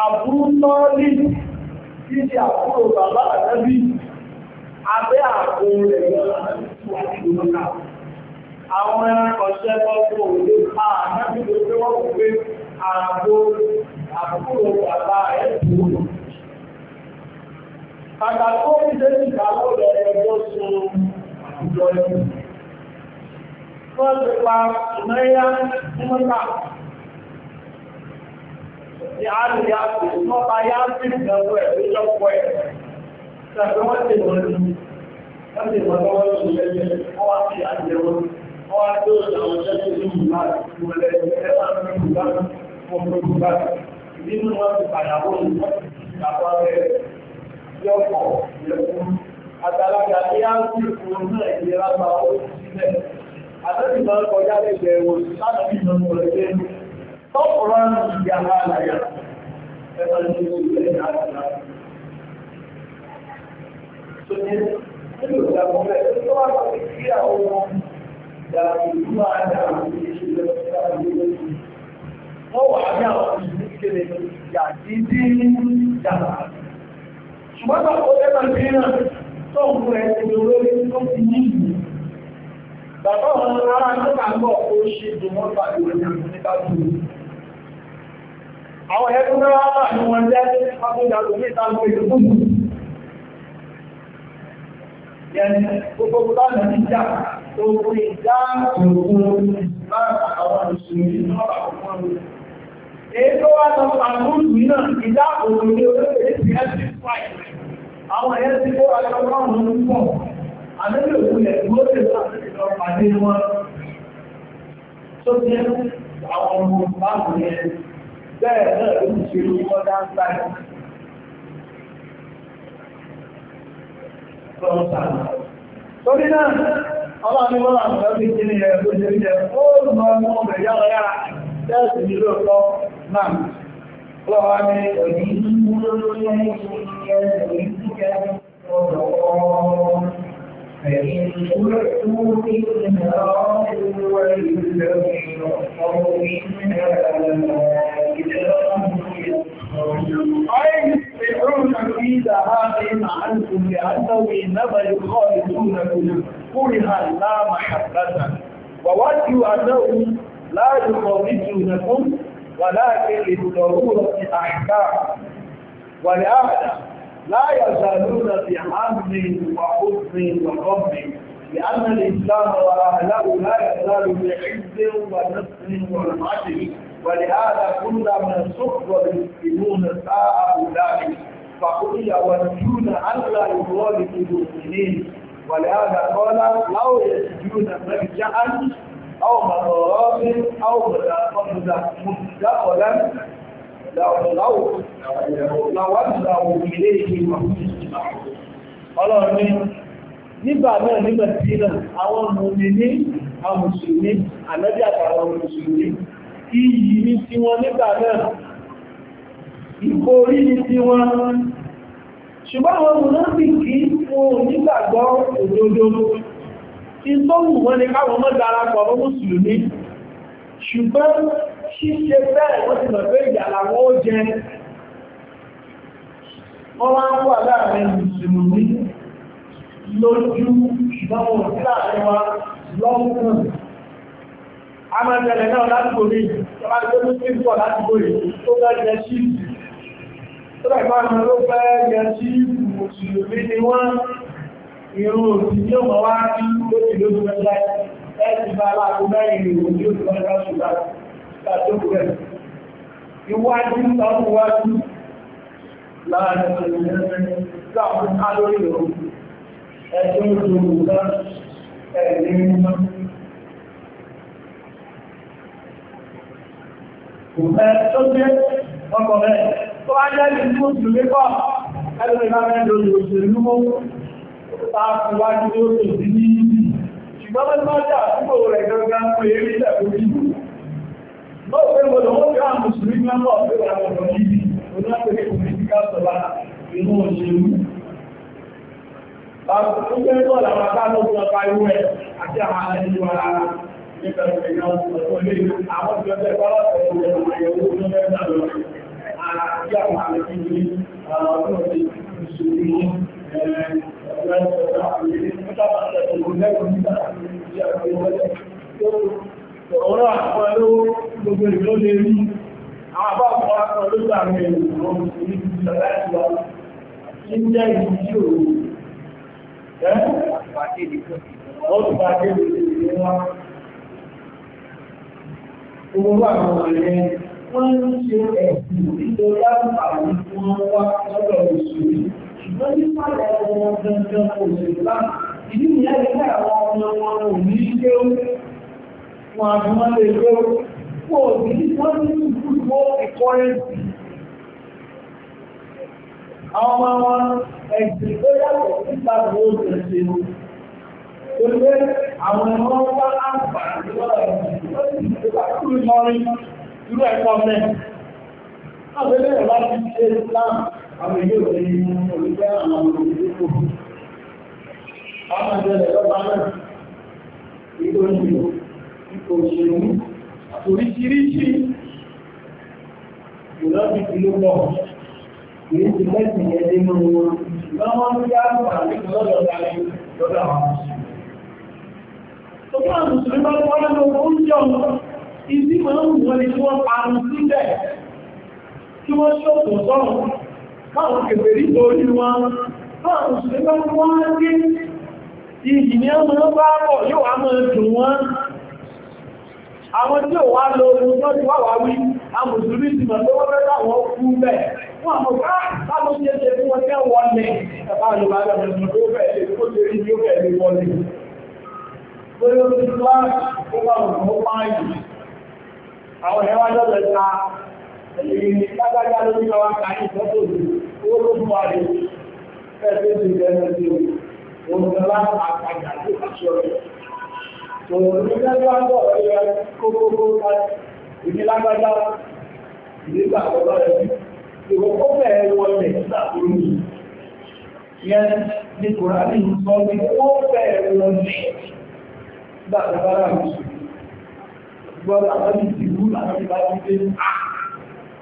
àbúrútọ́lì tí máa náà Kàkà tó ń ẹgbẹ́ sun ìjọ ẹ̀kú. Wọ́n ti pa ìmẹ́yà nígbà ni a lè mọ́ta yá sí ìdánwò ẹ̀ lójọ́pọ̀ ẹ̀. Ṣàbí wọ́n ti wọ́n ní wọ́n ti wọ́n lọ́wọ́ sí ẹgbẹ́ wọ́n wá sí àjẹwọ́. Wọ́n wá tó àwọn ṣẹ́ṣẹ́ sí ìgbà ìwọlẹ̀ ẹ̀fà ní ìgbà ọmọ ìgbà. Ìdí nínú wọn ti pàdàbọ̀ ìgbà ọjọ́ pọ̀ lẹ́kún àgbàlagbà tí a ń sì fún náà ìlera gba ó sílẹ̀ àtẹ́sì máa ń kọjá lẹ́gbẹ̀ẹ́ wo láti fi ìmọ̀ mọ̀ lẹ́gbẹ́ tọ́pùrọ̀ ní ìyá àlàyà ẹ̀fà ní oṣù lẹ́yìn àgbàlá. tó ní nílò ìdàgbọ́n rẹ̀ tó wà lọ́wọ́ sí àwọn ọmọ ìdàgbọ́n ìlú àdá àti ìṣẹ̀lẹ̀ wọ́n wà á ní àwọn ìṣẹ̀lẹ̀ yàtí dín ní ìjàmbá ṣùgbọ́n tó kó lẹ́nà mìíràn tó ń rẹ̀ ti olórí tó ti ní ìlú bàbá ọ̀hún ara tó kà ń bọ̀ ó ṣe dùn wọ́n bá ìròyìn nípa tó àwọn ẹ̀kún náà wà ní wọn jẹ́ èyí tó wá lọ àgbóòlù náà ìdáàbò ní orílẹ̀-èdè ti ẹ̀sìn fáì àwọn ẹ̀yẹ́ ti kó aṣọ márùn-ún ń pọ̀ àdébẹ̀ òkúlẹ̀ tó lè lọ pàdé wọn tó jẹ́ àwọn ọmọ márùn-ún yẹn bẹ́ẹ̀ náà ló ti ṣe ní mọ́dá sáì Torí náà, ọlọ́ni wọ́n àti ọdún ìjìnlẹ̀ ẹ̀kọ́ ìjìnlẹ̀ ó lọ́nà ọmọ ìyára yára tẹ́ẹ̀sì nílò lọ́wọ́ náà lọ́wọ́ ní òní múlò lórí ẹ̀yìn فإن كنتم في النار والذين أخروا منها أي يسمعون في ذهاب عنكم لأنه إنما يخالطونكم كرها لا محبة وودوا أنهم لا يخالطونكم ولكن لضرورة أحكام ولهذا لا يزالون في هم وحزن وغم لأن الإسلام وأهله لا يزال عز ونصر ورحمة ولهذا من سخر المسلمون ساء ذلك فقل يودون لا يخالف المؤمنين ولهذا قال لو يجدون مرجعا أو مغراب أو مدخلا لو لولوا إليه ọlọ́run ní nígbà náà ní mẹ́sílẹ̀ àwọn mùsùlùmí ní àwọn mùsùlùmí àlẹ́bí àtàwọn mùsùlùmí iyì ní tí wọ́n nígbà náà ìkórí ní tí wọ́n ṣùgbọ́n àwọn mùsùlùmí kí fún nígbàgbọ́ òdodo ìtọ́wù wọn ni káwọn mọ́ darapọ̀ ọmọ mùsùlùmí ṣùgbọ́n ṣíṣe bẹ́ẹ̀ wọ́n ti mọ̀ pé ìyàlá wọn ó jẹ wọ́n wá ń wà láàrin mùsùlùmí lójú ṣùgbọ́n wọn sí láàrin wa lọ́kùn a máa tẹ̀lẹ̀ náà láti gòrí ìjọba tó ní sí pọ̀ láti gòrí tó bẹ́ jẹ ṣíìpù tó ìrún òsì ní ọmọ wá ní lóṣì lóṣù mẹ́ta ẹ̀sì bá aláàbò mẹ́rin ìrìn òní òsì mẹ́ta ṣùgbà ṣàtòkù rẹ̀ iwájú sọ́nù wájú láàrin ìrìn sáwọn alórí òun ẹjọ́ òṣòwò náà ẹ̀rí mímọ́ tó jẹ́ ọkọ̀ rẹ̀ tó á jẹ́ ìlú òṣèlú kọ́ ẹgbẹ̀rẹ̀ ìlú òṣèlú táàkùwájú ó tó sí ní ìdí ṣùgbọ́n mẹ́ta jà àtúgbò rẹ̀ gangan pé èrí tẹ̀kù bí náà pé mo lọ́wọ́ bí mùsùlùmí mẹ́mọ́ pé àwọn ọ̀rọ̀ Ọ̀rọ̀ àwọn ẹlówó gbogbo ìlú lè rí, àwọn àbá ọ̀pọ̀ àwọn olóògbé àwọn ènìyàn ọmọ ìlú ìjọ láti wá, ń jẹ́ ìlú tí ó rò. Ẹ́ ọdún bá dé lè wá. Gbogbo àwọn ọmọ ẹ̀yẹn wọ́n ń ṣe ẹ̀sìn ìjọ láti àwọn ìfún wọn wá lọ́dọ̀ ìṣòrí ṣùgbọ́n nípa ọ̀rọ̀ wọn gangan òṣèlú láti ìdí nìyẹn ní àwọn ọmọ wọn ò ní ṣe ó wọn àti wọn lè ṣe ó kó o sì ní wọ́n ní ìdúró ìkọ́rẹ́sì àwọn ọmọ wọn ẹ̀sìn tó yàtọ̀ nípa ìwọ́n ṣẹ̀ṣẹ̀ ó pé àwọn ẹ̀rọ wá láǹfààní lọ́wọ́ ẹ̀sìn tó sì ní ìgbà kúrú mọ́rin irú ẹ̀kọ́ mẹ́ àwọn ilé òṣè ní olùgbé wọ́n ń yá àgbà tí wọ́n parun síbẹ̀. sọ́run káwọn kèfè rí orí wọn káwọn ṣẹlẹ́ wọ́n dé ìyì ní ọmọ bá pọ̀ yóò wá mọ́ dùn wọ́n àwọn tí ó wá lọ ohun tó ti wá wá wí amùsùlùmí ti mọ̀ tó wọ́n láwọn kú bẹ̀ ah, fún àwọn bá lágbájá lórí ọwá kàáyì ìfẹ́tò owó ló fún wa rẹ̀ fẹ́ẹ̀fẹ́ sí ìdẹ́nu sí òun lọ́la àpàjà tó kàṣọ rẹ̀ òun ní lẹ́gbẹ́ àgbọ̀ ẹ̀yẹ kókókó ká ìní lágbájá ìdígbà àgbọ̀ rẹ̀ ìwọ̀n kó bẹ̀rẹ̀ wọlé nígbà tó ń yìí yẹn ní kùránì sọ pé ó bẹ̀rẹ̀ wọlé nígbà tó àwọn ìdìbò làwọn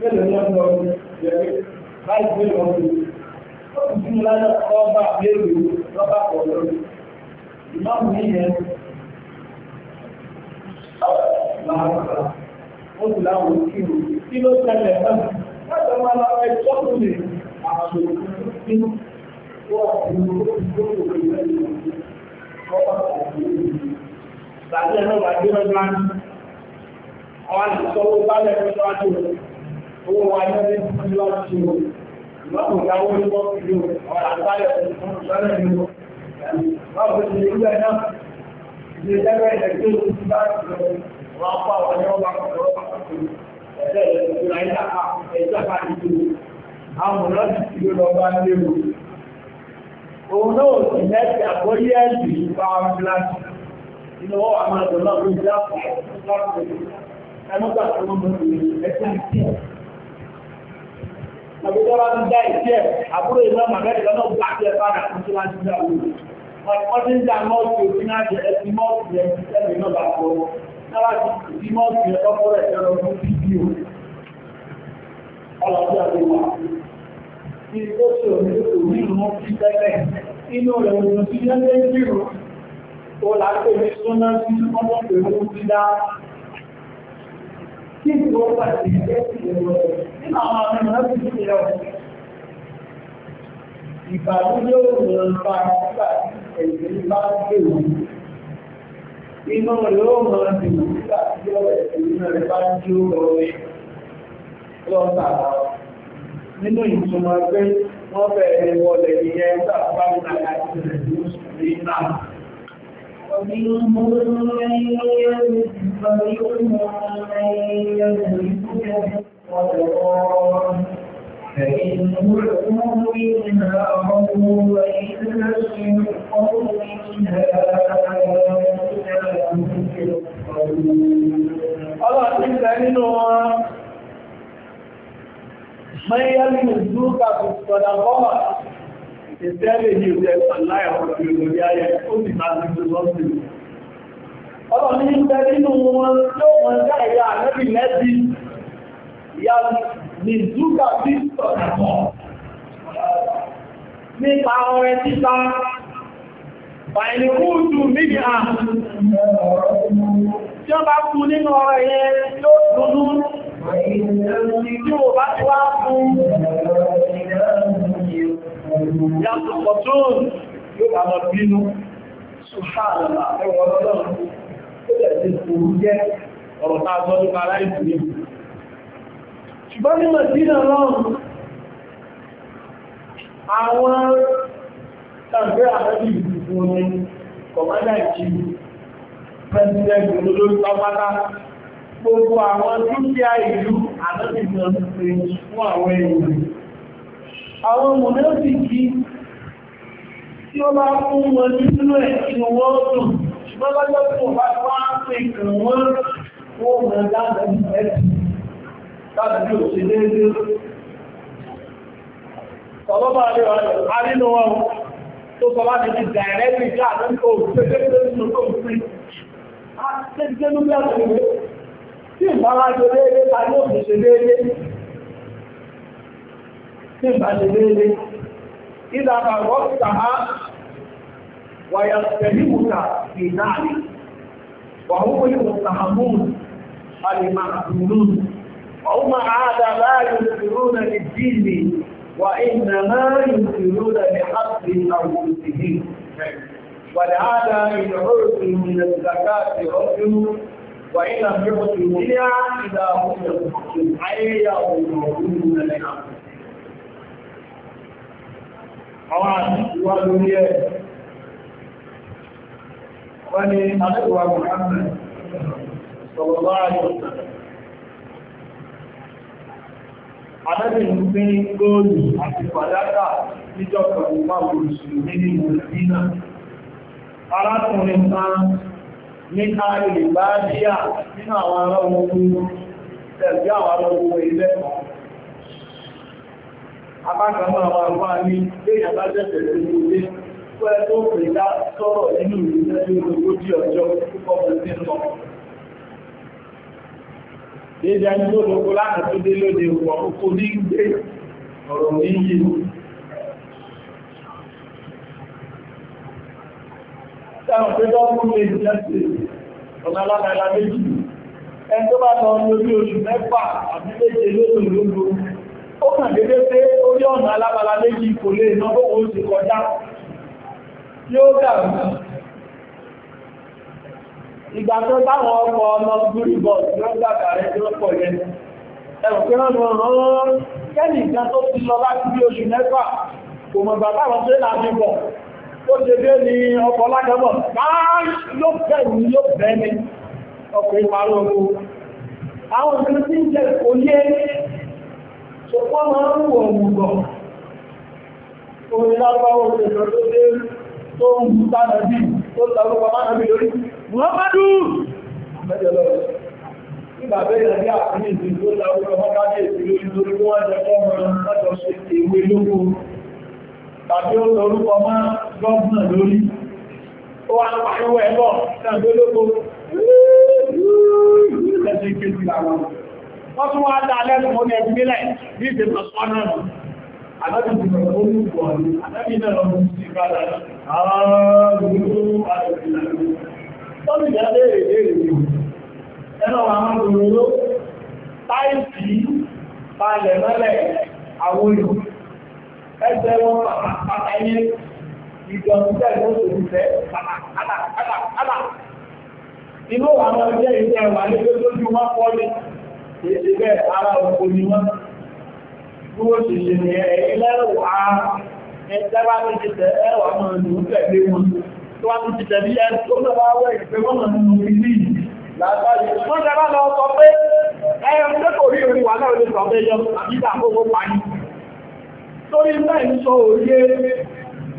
mélòó ní ọdún ọdún yẹ̀wé láì owó wa ní ọdún fún ìlú àti ìlú ìlọ́pù ìyàwó ní wọ́n fi lò ọ̀rọ̀ àgbáyọ̀ fún ìṣọ́nà ìlú báwo ló ti lè gbẹ̀ náà ìdí ẹgbẹ́ ìdẹ́gbẹ́ ìlú ti bá wọn pa àwọn ọmọ ọba ọ̀rọ̀ ẹ̀jẹ̀ ìlú àyíká ẹ̀jẹ̀ àkàtúntò àwọn ọlọ́dún ti ẹ̀sì ìpa ọmọláṣì inú ọwọ́ àmàdùn náà ló ń dáàbò ẹ̀mọ́gbà tó ń bọ̀ ẹ̀sìn ìpín àbújọba ń dá ìṣẹ́ àbúrò ìmọ̀ màmẹ́rin lọ́nà bá jẹ́ fara àti láti dá òun wọ́n ti ń dá mọ́ọ̀tì òfin náà jẹ́ ẹtì mọ́ọ̀tì ẹ̀ ti tẹ́lẹ̀ náà bá kọ́ náà ti mọ́ọ̀tì ẹ̀ kọ́kọ́ rẹ̀ ẹ̀rọ fún fídíò ọlọ́dún àdéhùn ti ó ṣe òmìnirò nínú wọn ti tẹ́lẹ̀ inú rẹ̀ òun ti yẹ́ lé tí yóò mọ̀ nípa nínú ìtumọ̀ pé wọ́n bẹ̀rẹ̀ wọlé ìyẹn sábà ń gbà láti rẹ̀ ní oṣù فمنهم من يمت فمنهم من يملك في الصدقات فإن أعطوا منها رضوا وإن لم يعطوا منها Ọlọ́run ti gbẹ nínú wọn, mẹ́yẹ́lì ìlú kàkùsọ̀dà bọ́ọ̀ ìtẹ́lẹ̀ ní ìtẹ́ aláyàwó ìròyìn ayẹ ó sì máa ti tó lọ́sí. Ọlọ́run ní ìtẹ́ nínú wọn yóò wọn dá ìyá àrẹ́bì lẹ́bí ìyá ní Zúkà bí sọ̀rọ̀ nípa ọrẹ títa Fàìlìkúùtù mídì àà tí ó bá kú nínú ọrẹ yẹn yóò dúdú Tí ó bá tí wá fún yàtọ̀ pọ̀tún yóò bá mọ̀ bínú, ṣùgbọ́n ẹwọ̀ ọlọ́run tó lẹ̀ sí òun jẹ́ ọ̀rọ̀ táa gbọ́ nípa aláìsù ní. Ṣùgbọ́n ní Màdínà lọ́run, àwọn tàbí àwọn ìdìbò ní kọ̀mádà ìjì, pẹ́sìdẹ̀ gbogbo àwọn dúkìá ìlú àdọ́dìjọ fún àwọn èèyàn. Àwọn mọ̀lẹ́sì kí tí ó bá fún wọn nínú ẹ̀ inú wọ́n dùn, ṣùgbọ́n lọ́jọ́ tó bá wá pè kàn wọ́n wó mọ̀ dáadáa ẹ̀sìn láti òṣèlé ilé. Sọlọ́bà rẹ̀ arínú wọn tó sọ láti di dàẹ̀rẹ́ tí ìbá wá jẹ léèrè ta yóò fi ṣe وهم المتهمون المعدولون وهم عاد لا ينكرون للدين وإنما ينكرون لحق أنفسهم ولهذا إن عرفوا من الزكاة رجل وإن لم يكن الدنيا إذا هم يكون أي يوم لنا àwọn àṣìwà lórí ẹ̀ wọ́n ni àṣìwà Muhammad sọ̀rọ̀lá àyọ̀sán Adẹ́bì ń fi góòlù àti pàdádà níjọ́ kan wà lórí nínú ìrìnà. Arákùnrin tán ní ààrẹ ìbáàdíyà nínú àwọn ará ogun tẹ̀lú àwọn ará ogun ilẹ̀ kan. Apákanmọ́ àwọn arúgbà ní léyà bá jẹ́sẹ̀ sí ilé pẹ́ tó pè dá sọ́rọ̀ nínú ìrìnlẹ́jọ́ ọjọ́ táwọn pé gọ́ọ̀mù lè jẹ́sì ọ̀nà alágbàlá méjì ẹn tó bá lọ lórí oṣù mẹ́fà àbí méje lóṣù lóṣù ó kàn dédé pé orí ọ̀nà alágbàlá méjì kò lè ná bó wọ́n ti kọjá yóò dàrú ìgbà tó táwọn ọkọ̀ ọmọ gúrí bọ́ọ̀sì ló gbàgbà rẹ̀ tí wọ́n pọ̀ yẹn ẹ̀rọ pé wọ́n rán kẹ́nì kan tó ti lọ láti bí ó ṣe dé ní ọkọ̀ lágbàmọ̀ ló bẹ̀ ní ló bẹ̀ ní ọkọ̀ ìparí ogun àwọn ìpínlẹ̀ tí ń jẹ́ oyé ṣòpọ́ máa ń wọ̀ ọ̀gbọ̀ orin lágbàwọ̀ òṣèlú tó dé tó ń bá nàbí tó tàbí nàbí lórí Muhammadu Nígbà bẹ́ẹ̀ ní àfihàn gọ́ọ̀nà lórí ó wà ní pàríwọ̀ ẹ̀bọ̀ tàbílógó lẹ́sẹ̀ kéjì àwọn wọ́n tún wá dá lẹ́sùn ó ní ẹgbílẹ̀ bí ìdè pàṣọ́nà Àdájú ti bẹ̀rẹ̀ ó ní ìgbọ̀ ní àdájú náà lọ sí ìbára ààrùn ìlú àti ìlànà. Tọ́lù ìjádé èrè èrè ìlú. Ẹnà wà máa ń lòrò táìsì balẹ̀ mẹ́lẹ̀ àwọn ìlú. Ẹgbẹ́ wọn pàtàkì ìjọba jẹ́ ìwọ́n tó ti fẹ́ kàtàkàtàkàtà. Inú àwọn ọjọ́ ìjẹ́ wà ní pé lójú wọn pọ́ ní èsì bẹ́ẹ̀ ara òkú ni wọ́n. Bí wọ́n ti ṣe ní ẹ̀yìn lẹ́rù a ẹgbẹ́ bá ti ti tẹ̀ ẹ̀rọ àwọn ènìyàn tẹ̀lé wọn. Tí wọ́n ti ti tẹ̀lé ẹ̀ tó lọ wá wẹ̀ ìpẹ́ wọ́n mọ̀ ilé yìí. Látàrí wọ́n jẹ́ bá lọ sọ pé ẹ̀rọ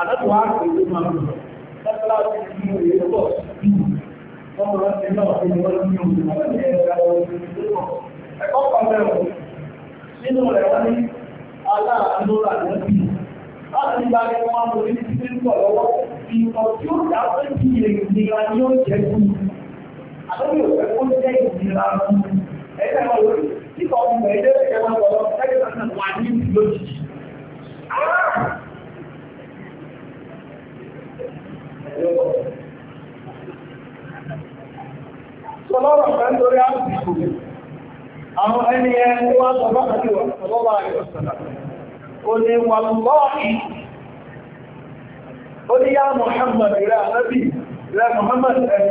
àlọ́tù wa kò tó máa lò lọ́sọ́lá ti fi mú èyí pọ̀ sí ọmọ rẹ̀ náà fún wọn ní ọdún ọdún ẹ̀kọ́ kan bẹ̀rẹ̀ nínú rẹ̀ wọ́n ní aláàánú àlọ́bí láti gba ẹni wọn lò ní títí ń bọ̀ lọ́wọ́ ìtọ̀ tí ó dá pé kí ìnira ni ó jẹ́ kú àlọ́bí ò fẹ́ kó jẹ́ ìnira fún ẹgbẹ́ wọn lórí kíkọ́ ọmọ ẹgbẹ́ ẹgbẹ́ wọn lọ́wọ́ ẹgbẹ́ wọn wà ní lójijì. Sọlọ́rọ̀ kan torí àbùkù, àwọn ẹni ẹ tó wá sọ bá kàrí wà sọlọ́rọ̀ àyọ̀sọ̀lá. Ó ní wà lọ́ọ̀kì, ó ní yá Mùhammad rẹ̀ àrẹ́bì rẹ̀ Mùhammad rẹ̀.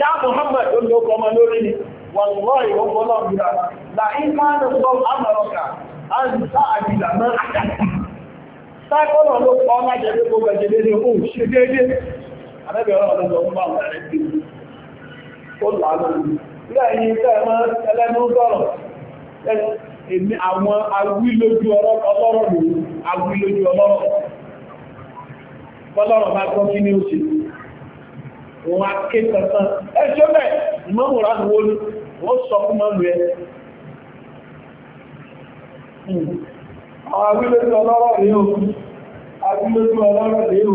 Yá Mùhammad ó ló kọmọ lórí ni, wà lọ́ọ̀kì ó kọlọ̀ bìrà. Làí máa ń sọ àmọ̀rọ̀kà, á ń sá àjìlà náà àjàkì. ló kọ́ àbẹ́bẹ̀ ọlọ́run lọ ń bá wọn rẹ̀ bí ó làánú ilé ẹ̀yìn tẹ́ ẹ̀mọ́ ẹlẹ́nu sọ̀rọ̀ èmi àwọn awílójú ọlọ́rọ̀ lòun awílójú ọlọ́rọ̀ bọ́lọ́rọ̀ bá gbọ́ kí ní oṣù òun aké kankan ẹjọ́ bẹ̀ ìmọ̀mùrà ni wọ́n ní wọ́n sọ fún mọ́lù ẹ hmm. àwọn awílójú ọlọ́rọ̀ rèé o awílójú ọlọ́rọ̀ rèé o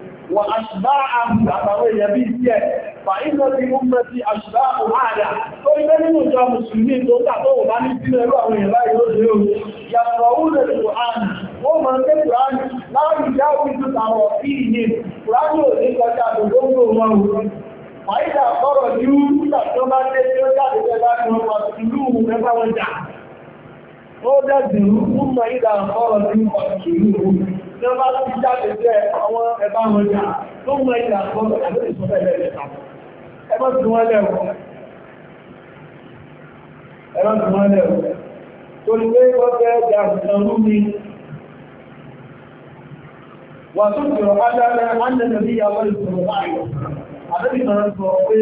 wà aṣìbáàmù àtàwọn èèyàn bí sí ẹ̀ fàílẹ̀ tí ó mẹ́ sí aṣìbáàmù ààrẹ tó ilé nínú ìjọ mùsùlùmí tó ń tàbí òun bá ní sínú ẹrú àwọn èèyàn láì ó lè òun yàtọ̀ òun lè kò án wọ́n máa ń ké kùránì láàrín ìjà òkú ó a fún mọ̀ ìdá ọ̀rọ̀ ní ìlú ní ọba ti jáde jẹ́ àwọn ẹ̀bá wọn yà tó mọ̀ ìdá ọ̀rọ̀ àti ìsọ́fẹ́lẹ̀ ẹ̀ta ẹgbẹ́ tí wọ́n lẹ́wọ̀ ẹ̀rọ tí wọ́n lẹ́wọ̀ tó wọ́n fẹ́ ẹ̀dà ìtànú mi wà láàrín àbẹ́bí máa ń sọ pé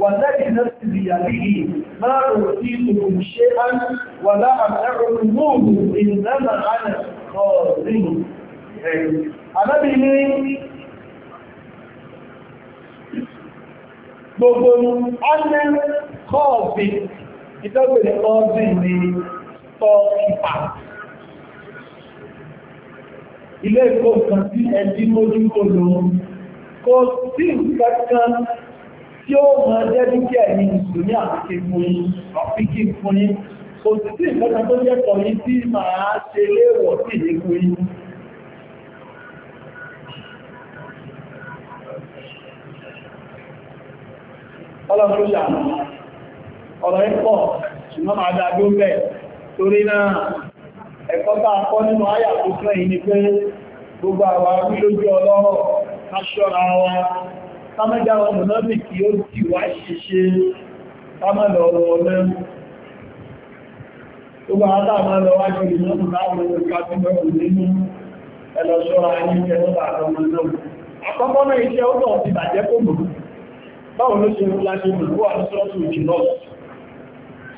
wà lẹ́bí náà sì rí àbíyí máa rò sí òkùn ṣe án wà láàárùn múùrù ìrìnlẹ́nà ánà ọ̀rìn àbẹ́bí ní gbogbo ánẹ́ kọ́ọ̀bì ìtọ́gbẹ̀rẹ̀ kọ́ọ̀bì ní tọ́kìpà ilé ìkó kan sí ẹjí mójú kó lóòrùn kò sí tí ó jẹ́ dúkìá ní àfikí fún yí àfikí fún kò sí sí ìkankan tó jẹ́ tọ̀ yí tí màá ṣe léèwọ̀ sí ìyẹ́kú yí ọlọ́pùlà ọ̀rọ̀ ẹ̀kọ́ ṣùgbọ́n máa dáadó bẹ̀ torí náà ẹ̀kọ́ aṣọ́ra wa kámẹ́dá wọn mọ̀lọ́bì kí ó ti wá ṣeṣe kámẹ́lọ ọ̀rọ̀ Gbogbo àwọn àmà lọ wájú ìlú láwọn olùkàtúnbẹ̀ òní mú ẹlọ́ṣọ́ra ní ẹlọ́bà àwọn ọmọ náà. Àkọ́kọ́ náà iṣẹ́ ó tọ̀ ti bàjẹ́ kò mọ̀. Báwo ló ṣe rúlá ṣe mọ̀ kó àṣọ́tù jùlọ?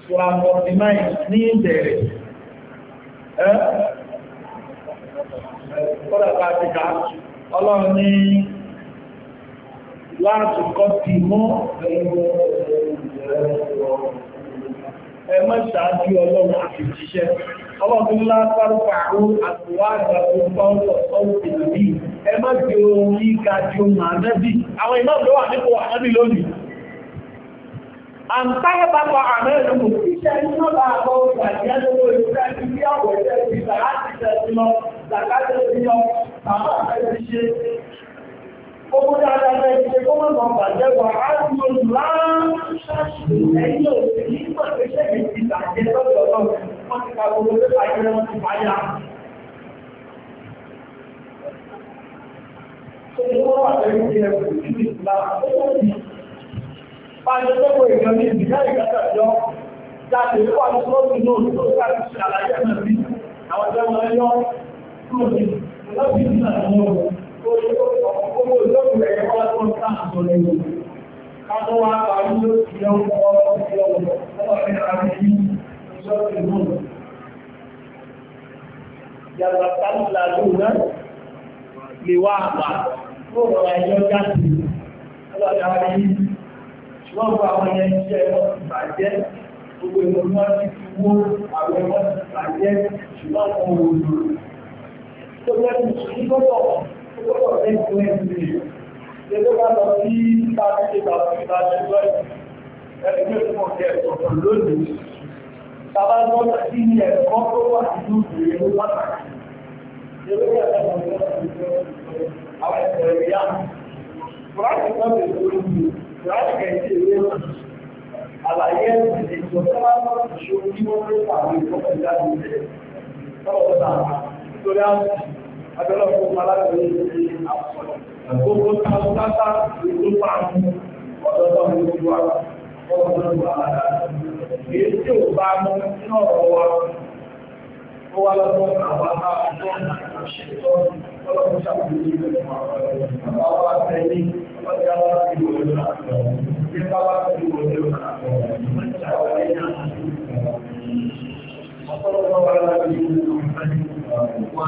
Sura 49 ní ìbẹ̀rẹ̀. Ẹ́ ọlọ́run ní láti kọ́ ti mọ́ ẹmọ́ ìṣáájú ọlọ́run àti ìṣiṣẹ́ ọlọ́run látàrúkà àwọn àtúwàgbà tó bá ń lọ sọ́wọ́ ìlúbí ẹmọ́ tí ó rí ga tí ó àwọn iná làkàtẹ́ ti yọ bàbá àfẹ́ ti ṣe Ogun dáadáa fẹ́ ti ṣe kó mọ́ mọ́ bàjẹ́ wà á ti oṣù láàáṣáṣì lẹ́yìn òṣèlú nígbà tó ṣe èyí ti bàjẹ́ lọ́dọ̀ ọlọ́run wọ́n ti ka gbogbo pé bàjẹ́ wọn ti báyà. Ṣé ni wọ́n wà lẹ́yìn ti ẹ̀kọ́ ìlú ìgbà tó ti bàjẹ́ tó wọ ìjọ ní ìdílé ìgbàgbà yọ jáde wà lọ́dún náà tó ká ti ṣàlàyé náà bí àwọn ìjọba yọ Yàtàtàlá gbogbo ìlú wọn ti fi wó àwọn ẹmọ́ ìbàjẹ́ ṣùgbọ́n wọn ò tó yẹ kí mùsùlùmí gbọ́dọ̀ gbọ́dọ̀ rẹ̀ tó ẹ̀ ń lè ṣe tó bá lọ sí bá a ṣe bá a ṣe bá a ṣe lọ ẹni tó mọ̀ jẹ́ ọ̀pọ̀ lónìí bàbá gbọ́dọ̀ sí ní ẹ̀kọ́ tó wà nínú ìrẹ̀lú pàtàkì àwọn ẹ̀sẹ̀ ìyá Fúráṣì kan lè lórí mi, fúráṣì kan ti èrè náà. Àlàyé ẹ̀sìn ìjọba máa ń ṣe ojú wọn ló pàdé ìfọ́kànlá ìlẹ̀. Tọ́lọ̀ tó dáa nítorí àwọn àjọlọ́ fún aláàbẹ̀ ní àpọ̀lọ̀. Gbogbo táwọn tátà ìlú pàánù ọ̀dọ́dọ́ ní ojú wa ọ̀dọ́dọ́ ní àlàdà. Èyí tí ò bá mú nínú ọ̀rọ̀ wa ó wá lọ́dún àwọn àbáwọ̀ ṣètò ọlọ́run ṣàkóso ìlú àwọn àtẹ̀lé ọlọ́dún àwọn ìlú ìlú àtọ̀ nípa wá sí ìlú ìlú àtọ̀ nípa wá sí ìlú àtọ̀. uh,